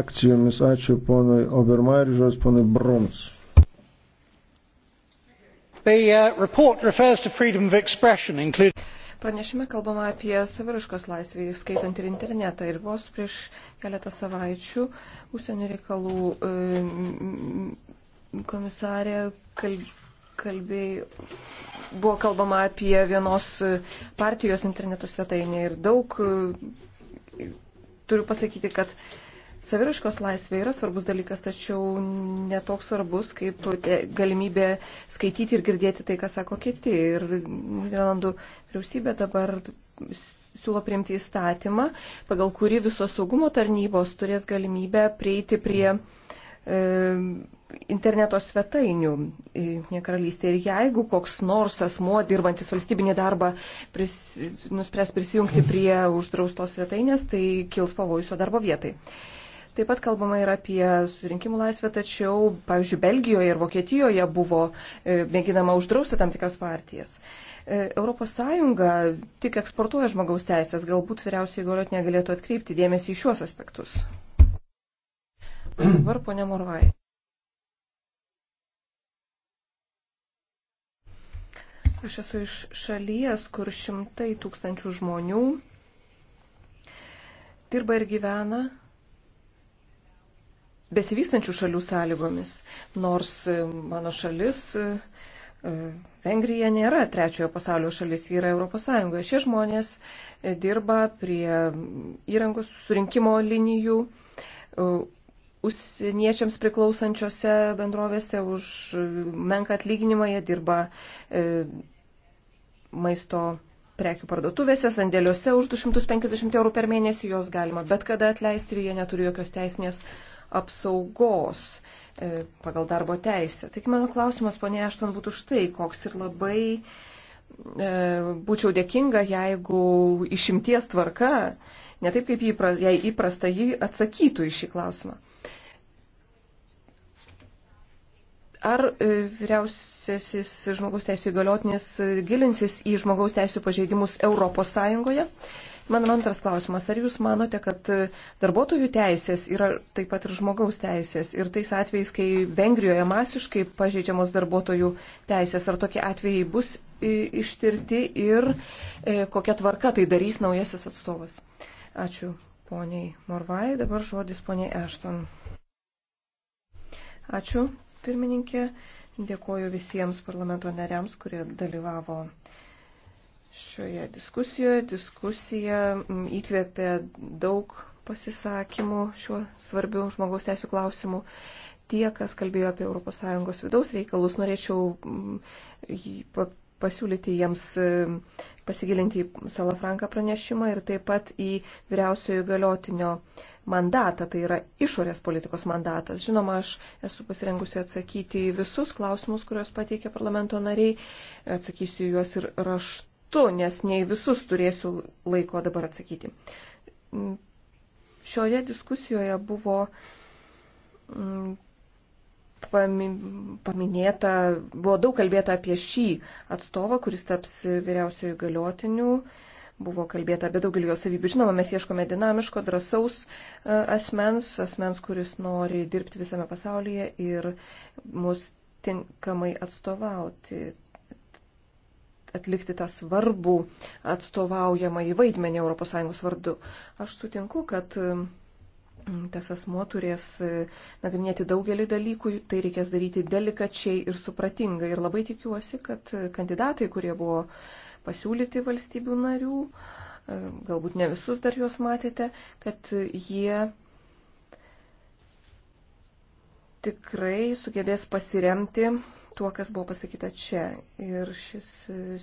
akcijomis. Ačiū ponui Obermairižos, ponui Brums. The uh, report refers to freedom of expression, including. Pranešime kalbama apie saviriškos laisvę, skaitant ir internetą. Ir vos prieš keletą savaičių užsienio reikalų um, komisarė kalbėjo, buvo kalbama apie vienos partijos interneto svetainę ir daug um, turiu pasakyti, kad Saviraškos laisvė yra svarbus dalykas, tačiau netoks svarbus kaip e, galimybė skaityti ir girdėti tai, ką sako kiti. Ir Niderlandų vyriausybė dabar siūlo priimti įstatymą, pagal kurį visos saugumo tarnybos turės galimybę prieiti prie e, interneto svetainių nekaralystė. Ir jeigu koks nors asmo dirbantis valstybinį darbą pris, nuspręs prisijungti prie uždraustos svetainės, tai kils pavojus jo darbo vietai. E, Taip pat kalbama ir apie susirinkimų laisvę, tačiau, pavyzdžiui, Belgijoje ir Vokietijoje buvo e, mėginama uždrausti tam tikras partijas. ES tik eksportuoja žmogaus teisės, galbūt vyriausiai galiot negalėtų atkreipti dėmesį į šiuos aspektus. O dabar ponia Morvai. Aš esu iš šalies, kur šimtai tūkstančių žmonių dirba ir gyvena besivystančių šalių sąlygomis, nors e, mano šalis e, e, Vengrija nėra trečiojo pasaulio šalis, ji yra Europos Sąjungoje. Šie žmonės dirba prie įrangos surinkimo linijų užsieniečiams priklausančiose bendrovėse už menką atlyginimą, jie dirba maisto prekių parduotuvėse, sandėliuose už 250 eurų per mėnesį, jos galima bet kada atleisti ir jie neturi jokios teisinės apsaugos e, pagal darbo teisę. Taigi mano klausimas, ponė Ašton, būtų štai, koks ir labai e, būčiau dėkinga, jeigu išimties tvarka, ne taip kaip įpra, jai įprasta, ji atsakytų į šį klausimą. Ar e, vyriausiasis žmogaus teisų įgaliotinis gilinsis į žmogaus teisų pažeidimus Europos Sąjungoje? Mano antras klausimas, ar jūs manote, kad darbuotojų teisės yra taip pat ir žmogaus teisės? Ir tais atvejais, kai Vengrijoje masiškai pažeidžiamos darbuotojų teisės, ar tokie atvejai bus ištirti ir e, kokia tvarka tai darys naujasis atstovas? Ačiū poniai Morvai, dabar žodis poniai Ešton. Ačiū, pirmininkė. Dėkoju visiems parlamento nariams, kurie dalyvavo šioje diskusijoje. Diskusija mm, įkvėpė daug pasisakymų šiuo svarbiu žmogaus teisų klausimu. Tie, kas kalbėjo apie ES vidaus reikalus, norėčiau mm, pasiūlyti jiems mm, pasigilinti į Salafranką pranešimą ir taip pat į vyriausiojo galiotinio mandatą, tai yra išorės politikos mandatas. Žinoma, aš esu pasirengusi atsakyti į visus klausimus, kuriuos pateikė parlamento nariai, atsakysiu juos ir raštu raštu, nes nei visus turėsiu laiko dabar atsakyti. Mm, šioje diskusijoje buvo mm, paminėta, buvo daug kalbėta apie šį atstovą, kuris taps vyriausiojų galiotinių. Buvo kalbėta apie daugelį jo savybių. Žinoma, mes ieškome dinamiško, drasaus e, asmens, asmens, kuris nori dirbti visame pasaulyje ir mus tinkamai atstovauti atlikti tą svarbų atstovaujamą į vaidmenį ES vardu. Aš sutinku, kad tas asmo turės e, nagrinėti daugelį dalykų, tai reikės daryti delikačiai ir supratingai. Ir labai tikiuosi, kad e, kandidatai, kurie buvo pasiūlyti valstybių narių, e, galbūt ne visus dar juos matėte, kad jie tikrai sugebės pasiremti tuo, kas buvo pasakyta čia. Ir šis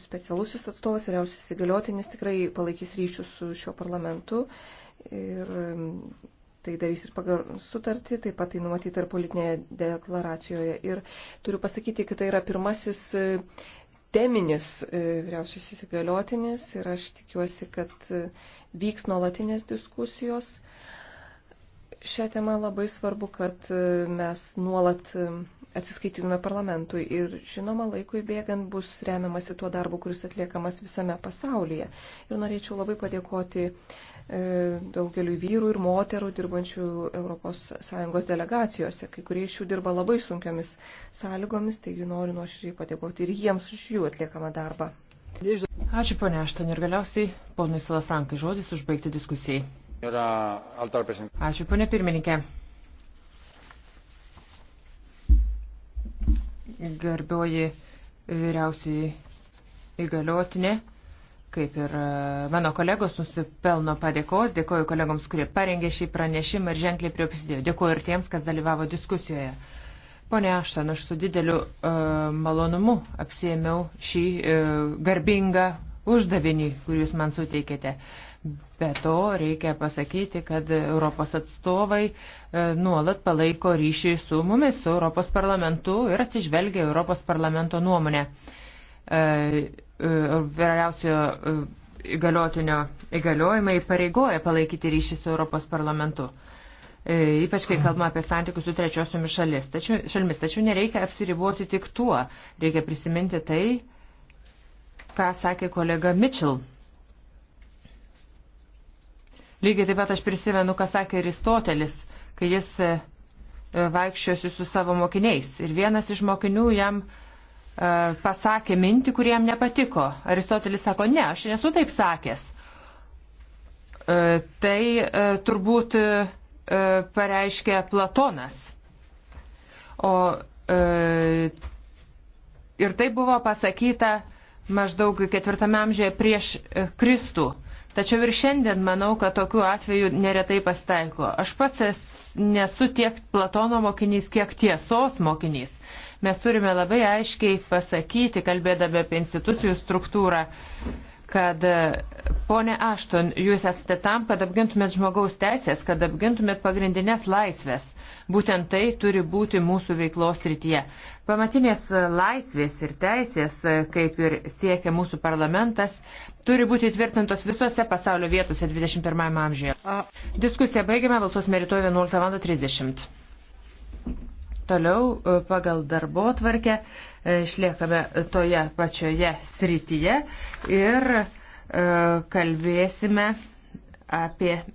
specialusis atstovas, vyriausias įgaliotinis, tikrai palaikys ryšius su šiuo parlamentu. Ir mm, tai darys ir pagal sutartį, taip pat tai numatyta ir politinėje deklaracijoje. Ir turiu pasakyti, kad tai yra pirmasis e, teminis e, vyriausias įsigaliotinis ir aš tikiuosi, kad e, vyks nuolatinės diskusijos. Šią temą labai svarbu, kad mes nuolat atsiskaitytume parlamentui. Ir žinoma, laikui bėgant bus remiamasi tuo darbu, kuris atliekamas visame pasaulyje. Ir norėčiau labai padėkoti e, daugeliu vyrų ir moterų dirbančių ES delegacijose. Kai kurie iš jų dirba labai sunkiomis sąlygomis, taigi noriu nuoširdžiai padėkoti ir jiems už jų atliekamą darbą. Ačiū ponia Aštan ir galiausiai ponui Salafrankai žodis užbaigti diskusijai. Ačiū ponia pirmininkė. Garbioji vyriausiai įgaliotinė, kaip ir e, mano kolegos, nusipelno padėkos. Dėkoju kolegoms, kurie parengė šį pranešimą ir ženkliai prie prisidėjo. Dėkoju ir tiems, kas dalyvavo diskusijoje. Pone Aštan, aš su dideliu uh, malonumu apsėmiau šį uh, garbingą uždavinį, kurį jūs man suteikėte. Uh, Be to reikia pasakyti, kad Europos atstovai e, nuolat palaiko ryšį su mumis, su Europos parlamentu ir atsižvelgia Europos parlamento nuomonę. E, e, Vyriausio įgaliotinio įgaliojimai pareigoja palaikyti ryšį su Europos parlamentu ypač kai kalbama apie santykius su trečiosiomis šalis. Tačiau, šalimis. Tačiau nereikia apsiriboti tik tuo. Reikia prisiminti tai, ką sakė kolega Mitchell. Lygiai taip pat aš prisimenu, ką sakė Aristotelis, kai jis e, e, vaikščiosi su savo mokiniais. Ir vienas iš mokinių jam e, pasakė mintį, kuri jam nepatiko. Aristotelis sako, ne, aš nesu taip sakęs. Tai turbūt pareiškė Platonas. O ir tai buvo pasakyta maždaug ketvirtame amžiuje prieš Kristų. Tačiau ir šiandien manau, kad tokių atvejų neretai pasitaiko. Aš pats nesu tiek Platono mokinys, kiek tiesos mokinys. Mes turime labai aiškiai pasakyti, kalbėdami apie institucijų struktūrą, kad ponė Ašton, jūs esate tam, kad apgintumėt žmogaus teisės, kad apgintumėt pagrindinės laisvės. Būtent tai turi būti mūsų veiklos rytyje. Pamatinės laisvės ir teisės, kaip ir siekia mūsų parlamentas, turi būti įtvirtintos visose pasaulio vietose 21 amžiuje. Diskusiją baigiame, balsuosime rytoj 11.30. Toliau e, pagal darbo tvarkę e, išliekame toje pačioje srityje ir e, kalbėsime apie